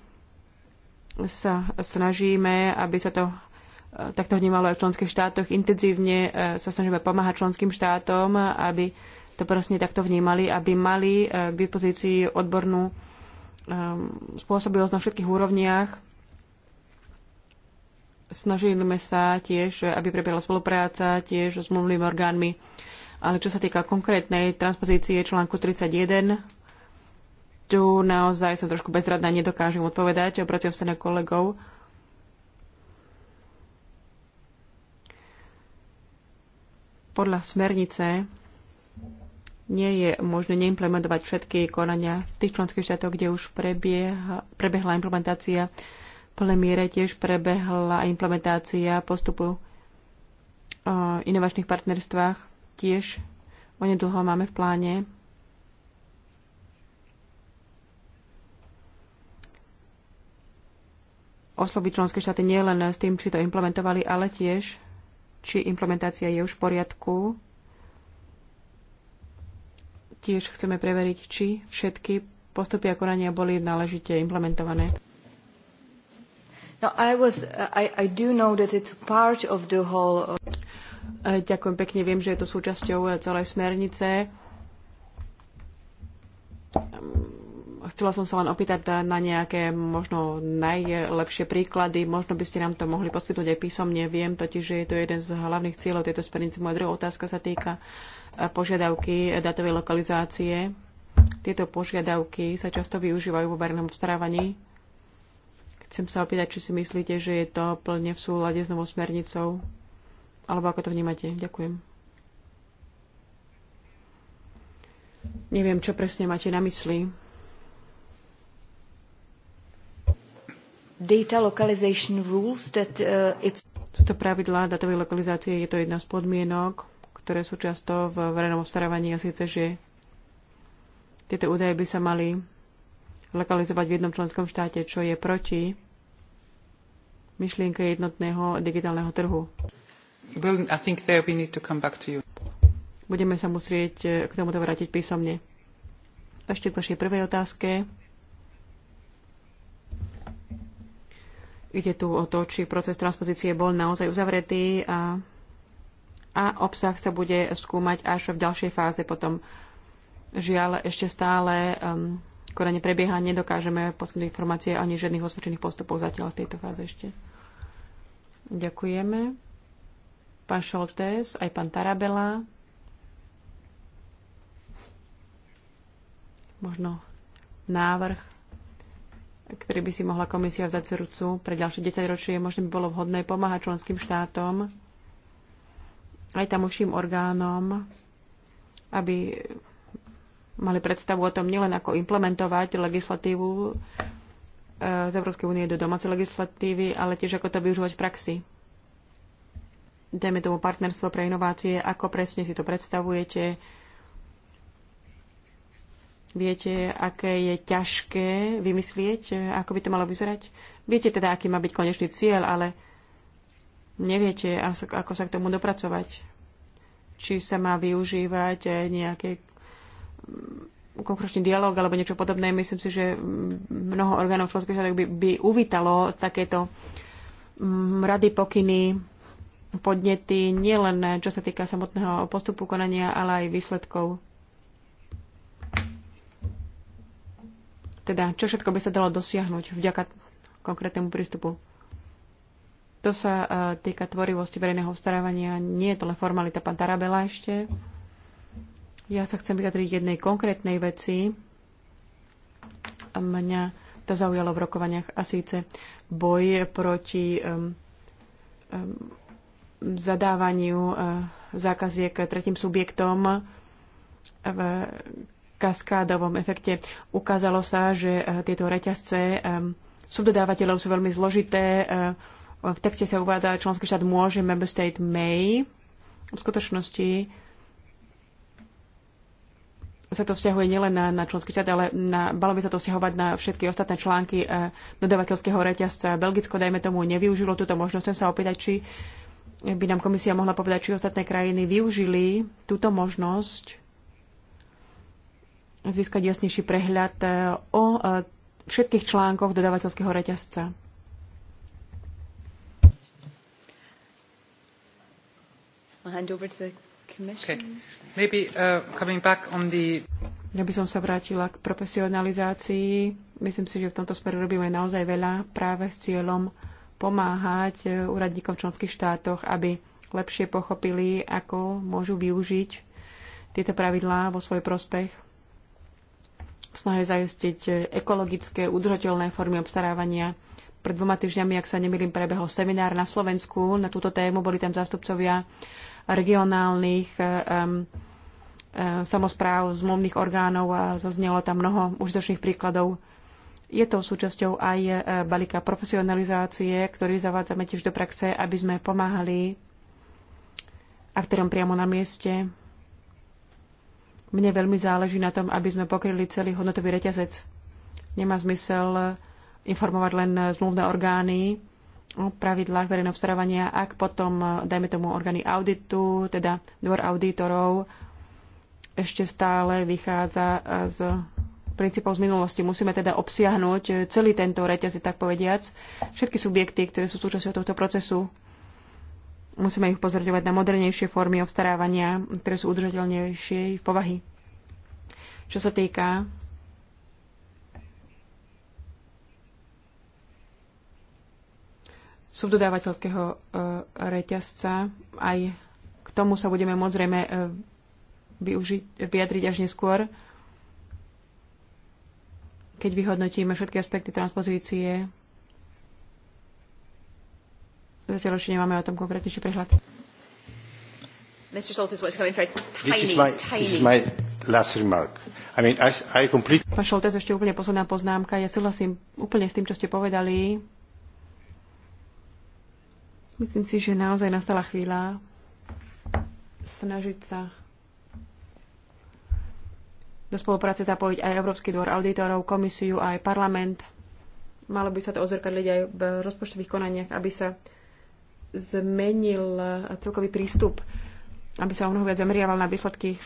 Speaker 4: sa snažíme, aby sa to eh, takto vnímalo aj v členských štátoch. Intenzívne eh, sa snažíme pomáhať členským štátom, aby to proste takto vnímali, aby mali eh, k dispozícii odbornú ehm, spôsobilosť na všetkých úrovniach Snažíme sa tiež, aby prebiehala spolupráca tiež s mluvnými orgánmi. Ale čo sa týka konkrétnej transpozície článku 31, tu naozaj som trošku bezradná, nedokážem odpovedať, obraciam sa na kolegov. Podľa smernice nie je možné neimplementovať všetky konania v tých členských štátoch, kde už prebieha, prebehla implementácia plnej miere tiež prebehla implementácia postupu o e, inovačných partnerstvách. Tiež onedlho máme v pláne osloviť členské štáty nie len s tým, či to implementovali, ale tiež, či implementácia je už v poriadku. Tiež chceme preveriť, či všetky postupy a konania boli náležite implementované. No, uh, uh, e, ďakujem pekne, viem, že je to súčasťou e, celej smernice. Ehm, chcela som sa len opýtať e, na nejaké možno najlepšie príklady. Možno by ste nám to mohli poskytnúť aj písomne. Viem totiž, že je to jeden z hlavných cieľov tejto smernice. Moja druhá otázka sa týka požiadavky datovej lokalizácie. Tieto požiadavky sa často využívajú vo verejnom obstarávaní Chcem sa opýtať, či si myslíte, že je to plne v súlade s novou smernicou? Alebo ako to vnímate? Ďakujem. Neviem, čo presne máte na mysli. Data localization rules that uh, it's... Toto pravidlá datovej lokalizácie je to jedna z podmienok, ktoré sú často v verejnom obstarávaní a síce, že tieto údaje by sa mali lokalizovať v jednom členskom štáte, čo je proti myšlienke jednotného digitálneho trhu. Well, I think there we need to come back to you. Budeme sa musieť eh, k tomuto vrátiť písomne. Ešte k vašej prvej otázke. Ide tu o to, či proces transpozície bol naozaj uzavretý a, a obsah sa bude skúmať až v ďalšej fáze potom. Žiaľ, ešte stále um, konanie prebieha, nedokážeme poskytnúť informácie ani žiadnych osvedčených postupov zatiaľ v tejto fáze ešte. Ďakujeme. Pán Šoltés, aj pán Tarabela. Možno návrh, ktorý by si mohla komisia vzať rucu pre ďalšie 10 ročie, možno by bolo vhodné pomáhať členským štátom aj tamovším orgánom, aby mali predstavu o tom nielen ako implementovať legislatívu e, z Európskej únie do domácej legislatívy, ale tiež ako to využívať v praxi. Dajme tomu partnerstvo pre inovácie, ako presne si to predstavujete, Viete, aké je ťažké vymyslieť, e, ako by to malo vyzerať? Viete teda, aký má byť konečný cieľ, ale neviete, ako sa k tomu dopracovať. Či sa má využívať e, nejaké konkrétny dialog alebo niečo podobné. Myslím si, že mnoho orgánov členských štátu by, by uvítalo takéto mm, rady, pokyny, podnety, nielen eh, čo sa týka samotného postupu konania, ale aj výsledkov. Teda, čo všetko by sa dalo dosiahnuť vďaka konkrétnemu prístupu. To sa eh, týka tvorivosti verejného obstarávania. Nie je to len formalita pán Tarabela ešte. Ja sa chcem vyjadriť jednej konkrétnej veci. A mňa to zaujalo v rokovaniach a síce boj proti um, um, zadávaniu uh, zákaziek tretím subjektom v kaskádovom efekte. Ukázalo sa, že eh, tieto reťazce um, subdodávateľov sú veľmi zložité. Eh, v texte sa uvádza, členský štát môže member state may. V skutočnosti sa to vzťahuje nielen na, na členský štát, ale na, malo by sa to vzťahovať na všetky ostatné články e, dodavateľského reťazca. Belgicko, dajme tomu, nevyužilo túto možnosť. Chcem sa opýtať, či by nám komisia mohla povedať, či ostatné krajiny využili túto možnosť získať jasnejší prehľad eh, o eh, všetkých článkoch dodavateľského reťazca. hand over to the commission.
Speaker 1: Okay. Uh,
Speaker 4: ja by som sa vrátila k profesionalizácii. Myslím si, že v tomto smere robíme naozaj veľa práve s cieľom pomáhať uh, úradníkom v členských štátoch, aby lepšie pochopili, ako môžu využiť tieto pravidlá vo svoj prospech v snahe zajistiť uh, ekologické, udržateľné formy obstarávania. Pred dvoma týždňami, ak sa nemýlim, prebehol seminár na Slovensku na túto tému. Boli tam zástupcovia regionálnych um, samospráv, zmluvných orgánov a zaznelo tam mnoho užitočných príkladov. Je to súčasťou aj e, balíka profesionalizácie, ktorý zavádzame tiež do praxe, aby sme pomáhali aktérom priamo na mieste. Mne veľmi záleží na tom, aby sme pokryli celý hodnotový reťazec. Nemá zmysel e, informovať len zmluvné orgány o pravidlách verejného vstarávania, ak potom, e, dajme tomu, orgány auditu, teda dvor auditorov, ešte stále vychádza z princípov z minulosti. Musíme teda obsiahnuť e, celý tento reťaz, tak povediac, všetky subjekty, ktoré sú súčasťou tohto procesu. Musíme ich pozorovať na modernejšie formy obstarávania, ktoré sú udržateľnejšie v povahy. Čo sa týka subdodávateľského e, reťazca, aj k tomu sa budeme môcť zrejme e, využiť, vyjadriť až neskôr, keď vyhodnotíme všetky aspekty transpozície. Zatiaľ ešte nemáme o tom konkrétnejší prehľad.
Speaker 3: Mr. coming very tiny,
Speaker 2: this is my, tiny. This is my last remark. I mean, I, I complete...
Speaker 4: Pán Šoltes, ešte úplne posledná poznámka. Ja súhlasím úplne s tým, čo ste povedali. Myslím si, že naozaj nastala chvíľa snažiť sa do spolupráce zapojiť aj Európsky dvor auditorov, komisiu, aj parlament. Malo by sa to ozrkadliť aj v rozpočtových konaniach, aby sa zmenil celkový prístup, aby sa o mnoho viac zameriaval na výsledky.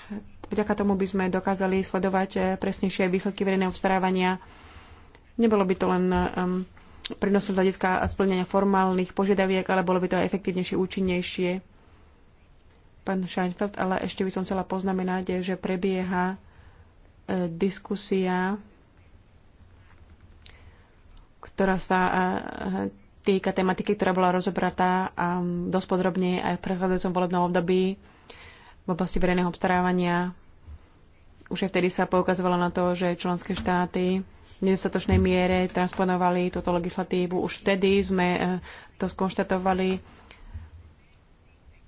Speaker 4: Vďaka tomu by sme dokázali sledovať presnejšie výsledky verejného obstarávania. Nebolo by to len um, prínosom hľadiska splnenia formálnych požiadaviek, ale bolo by to aj efektívnejšie, účinnejšie. Pán Scheinfeld, ale ešte by som chcela poznamenať, že prebieha diskusia, ktorá sa e, týka tematiky, ktorá bola rozobratá dosť podrobne aj v predchádzajúcom volebnom období v oblasti verejného obstarávania. Už aj vtedy sa poukazovalo na to, že členské štáty v nedostatočnej miere transponovali túto legislatívu. Už vtedy sme e, to skonštatovali.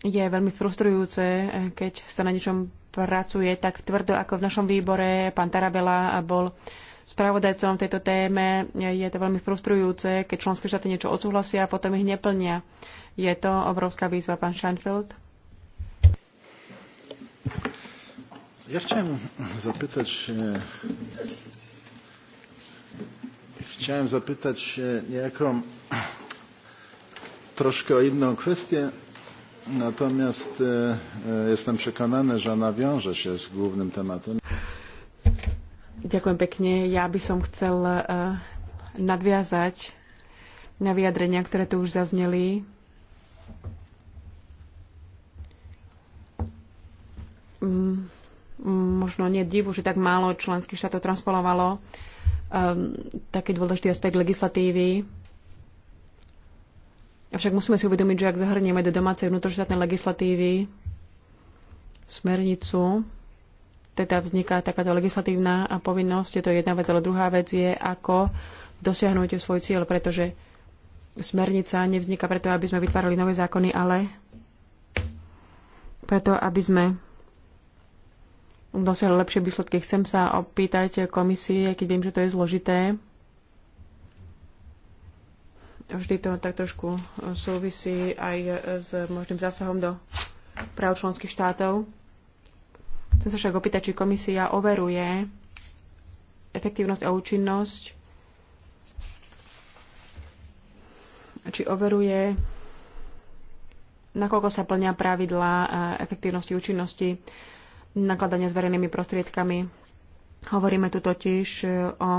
Speaker 4: Je veľmi frustrujúce, e, keď sa na niečom pracuje tak tvrdo ako v našom výbore. Pán Tarabela bol spravodajcom tejto téme. Je to veľmi frustrujúce, keď členské štáty niečo odsúhlasia a potom ich neplnia. Je to obrovská výzva, pán Scheinfeld?
Speaker 5: Ja chcem zapýtať, že... chciałem zapytać niejako
Speaker 3: troszkę o inną kwestię, Natomiast e, e, jestem przekonany, że nawiąże się z głównym tematem.
Speaker 4: Ďakujem pekne. Ja by som chcel e, nadviazať na vyjadrenia, ktoré tu už zazneli. Mm, možno nie divu, že tak málo členských štátov transponovalo um, taký dôležitý aspekt legislatívy Avšak musíme si uvedomiť, že ak zahrnieme do domácej vnútroštátnej legislatívy smernicu, teda vzniká takáto legislatívna povinnosť, je to jedna vec, ale druhá vec je, ako dosiahnuť svoj cieľ, pretože smernica nevzniká preto, aby sme vytvárali nové zákony, ale preto, aby sme dosiahli lepšie výsledky. Chcem sa opýtať komisie, keď viem, že to je zložité, Vždy to tak trošku e, súvisí aj e, s možným zásahom do práv členských štátov. Chcem sa však opýtať, či komisia overuje efektívnosť a účinnosť, či overuje, nakoľko sa plňa pravidlá e, efektívnosti účinnosti nakladania s verejnými prostriedkami. Hovoríme tu totiž o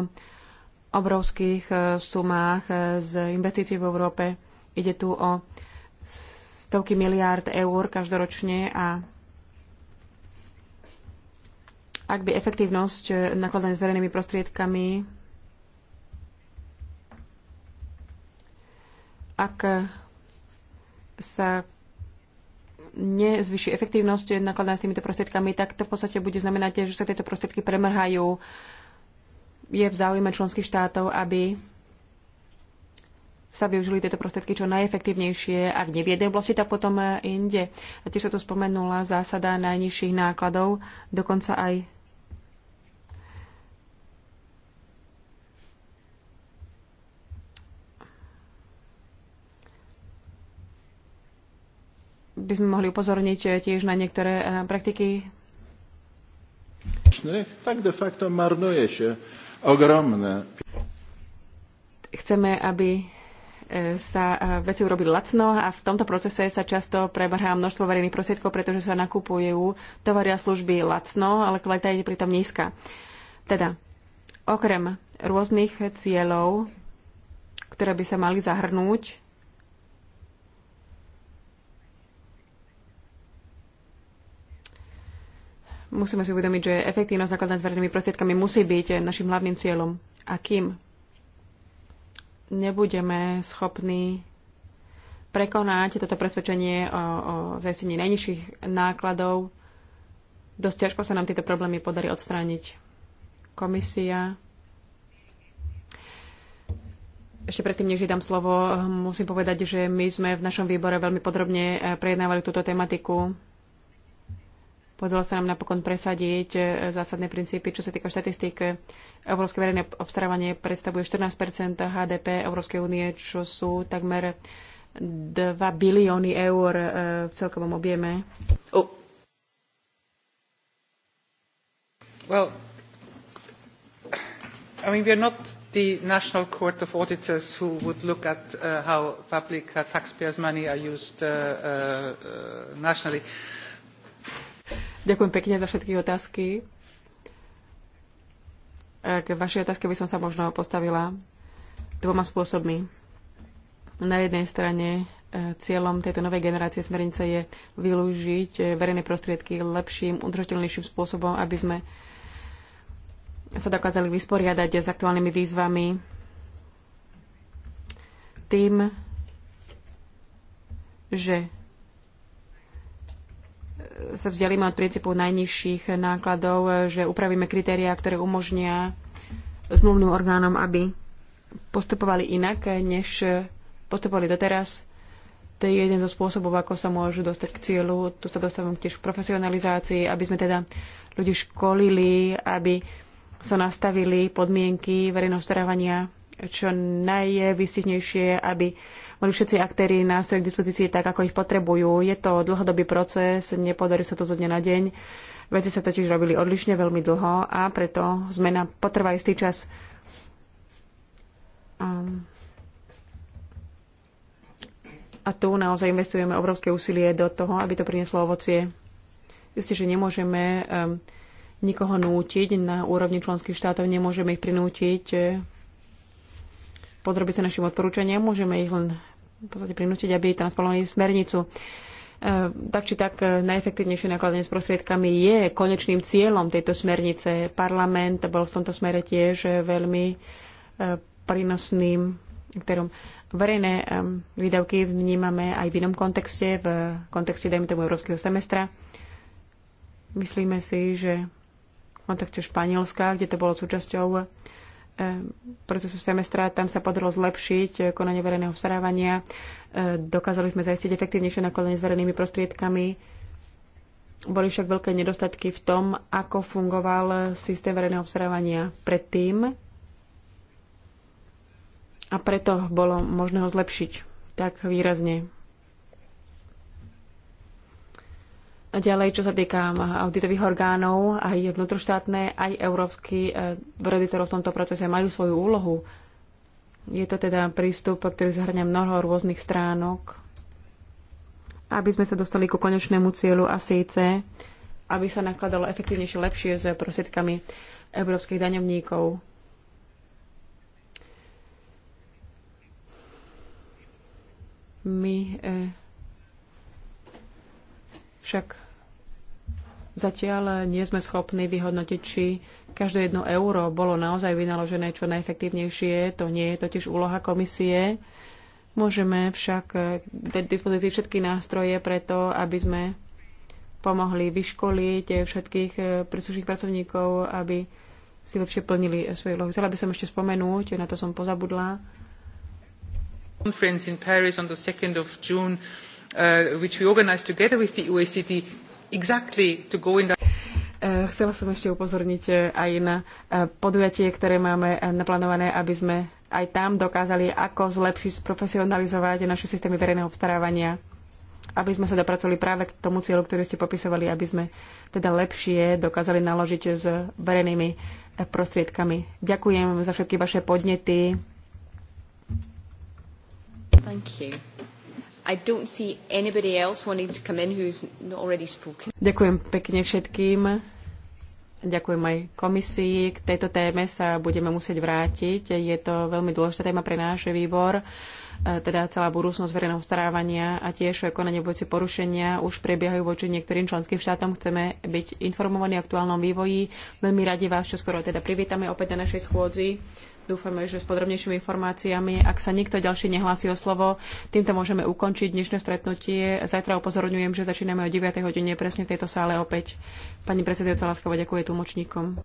Speaker 4: obrovských e, sumách e, z investícií v Európe. Ide tu o stovky miliárd eur každoročne a ak by efektívnosť e, nakladania s verejnými prostriedkami ak sa nezvyši efektívnosť nakladania s týmito prostriedkami, tak to v podstate bude znamenať, že sa tieto prostriedky premrhajú je v záujme členských štátov, aby sa využili tieto prostriedky čo najefektívnejšie, ak nie v jednej oblasti, tak potom inde. A tiež sa tu spomenula zásada najnižších nákladov, dokonca aj by sme mohli upozorniť tiež na niektoré eh, praktiky.
Speaker 5: Tak de facto marnuje się ogromné.
Speaker 4: Chceme, aby e, sa e, veci urobili lacno a v tomto procese sa často prebrhá množstvo verejných prostriedkov, pretože sa nakupujú tovary a služby lacno, ale kvalita je pritom nízka. Teda, okrem rôznych cieľov, ktoré by sa mali zahrnúť Musíme si uvedomiť, že efektívnosť nakladania s verejnými prostriedkami musí byť našim hlavným cieľom. A kým nebudeme schopní prekonať toto presvedčenie o, o zajistení najnižších nákladov, dosť ťažko sa nám tieto problémy podarí odstrániť. Komisia. Ešte predtým, než dám slovo, musím povedať, že my sme v našom výbore veľmi podrobne eh, prejednávali túto tematiku Podalo sa nám napokon presadiť e, zásadné princípy, čo sa týka štatistík. Európske verejné obstarávanie predstavuje 14 HDP Európskej únie, čo sú takmer 2 bilióny eur e, v celkovom objeme. Oh.
Speaker 1: Well, I mean, we are not the National Court of Auditors who would look at uh, how public uh, taxpayers' money are used uh, uh, uh nationally. Uh,
Speaker 4: Ďakujem pekne za všetky otázky. K vašej otázke by som sa možno postavila dvoma spôsobmi. Na jednej strane e, cieľom tejto novej generácie smernice je vylúžiť e, verejné prostriedky lepším, udržateľnejším spôsobom, aby sme sa dokázali vysporiadať s aktuálnymi výzvami tým, že sa vzdialíme od princípu najnižších nákladov, že upravíme kritériá, ktoré umožnia zmluvným orgánom, aby postupovali inak, než postupovali doteraz. To je jeden zo spôsobov, ako sa môžu dostať k cieľu. Tu sa dostávam tiež k profesionalizácii, aby sme teda ľudí školili, aby sa nastavili podmienky verejného starávania čo najvystihnejšie, aby mali všetci aktéry nástroje k dispozícii tak, ako ich potrebujú. Je to dlhodobý proces, nepodarí sa to zo dňa na deň. Veci sa totiž robili odlišne veľmi dlho a preto zmena potrvá istý čas. a tu naozaj investujeme obrovské úsilie do toho, aby to prinieslo ovocie. Isté, že nemôžeme nikoho nútiť na úrovni členských štátov, nemôžeme ich prinútiť eh, podrobiť sa našim odporúčaniam, môžeme ich len v podstate prinútiť, aby transponovali smernicu. E, tak či tak najefektívnejšie nakladanie s prostriedkami je konečným cieľom tejto smernice. Parlament bol v tomto smere tiež veľmi e, prínosným ktorom verejné e, výdavky vnímame aj v inom kontexte, v kontexte, dajme tomu, európskeho semestra. Myslíme si, že v kontexte Španielska, kde to bolo súčasťou procesu semestra, tam sa podarilo zlepšiť eh, konanie verejného vstarávania. Eh, dokázali sme zajistiť efektívnejšie nakladanie s verejnými prostriedkami. Boli však veľké nedostatky v tom, ako fungoval eh, systém verejného obstarávania predtým a preto bolo možné ho zlepšiť tak výrazne. A ďalej, čo sa týka um, auditových orgánov, aj vnútroštátne, aj európsky auditorov eh, v tomto procese majú svoju úlohu. Je to teda prístup, ktorý zahrňa mnoho rôznych stránok, aby sme sa dostali ku konečnému cieľu a síce, aby sa nakladalo efektívnejšie, lepšie s prosiedkami európskych daňovníkov. My eh, však Zatiaľ nie sme schopní vyhodnotiť, či každé jedno euro bolo naozaj vynaložené čo najefektívnejšie. To nie je totiž úloha komisie. Môžeme však dať dispozícii všetky nástroje preto, aby sme pomohli vyškoliť všetkých eh, príslušných pracovníkov, aby si lepšie plnili eh, svoje úlohy. Chcela by som ešte spomenúť, na to som pozabudla.
Speaker 1: Conference in Paris on the 2nd of June, uh, which we organized together with the OECD, E,
Speaker 4: chcela som ešte upozorniť e, aj na e, podujatie, ktoré máme naplánované, aby sme aj tam dokázali, ako zlepšiť, profesionalizovať naše systémy verejného obstarávania, aby sme sa dopracovali práve k tomu cieľu, ktorý ste popisovali, aby sme teda lepšie dokázali naložiť s verejnými prostriedkami. Ďakujem za všetky vaše podnety. Thank you. I don't see anybody else wanting to come in who's not already spoken. Ďakujem pekne všetkým. Ďakujem aj komisii. K tejto téme sa budeme musieť vrátiť. Je to veľmi dôležitá téma pre náš výbor, e, teda celá budúcnosť verejného starávania a tiež konanie voci porušenia už prebiehajú voči niektorým členským štátom. Chceme byť informovaní o aktuálnom vývoji. Veľmi radi vás čoskoro teda privítame opäť na našej schôdzi. Dúfame, že s podrobnejšími informáciami, ak sa nikto ďalší nehlási o slovo, týmto môžeme ukončiť dnešné stretnutie. Zajtra upozorňujem, že začíname o 9. hodine presne v tejto sále opäť. Pani predsedajúca láskavo ďakuje tlmočníkom.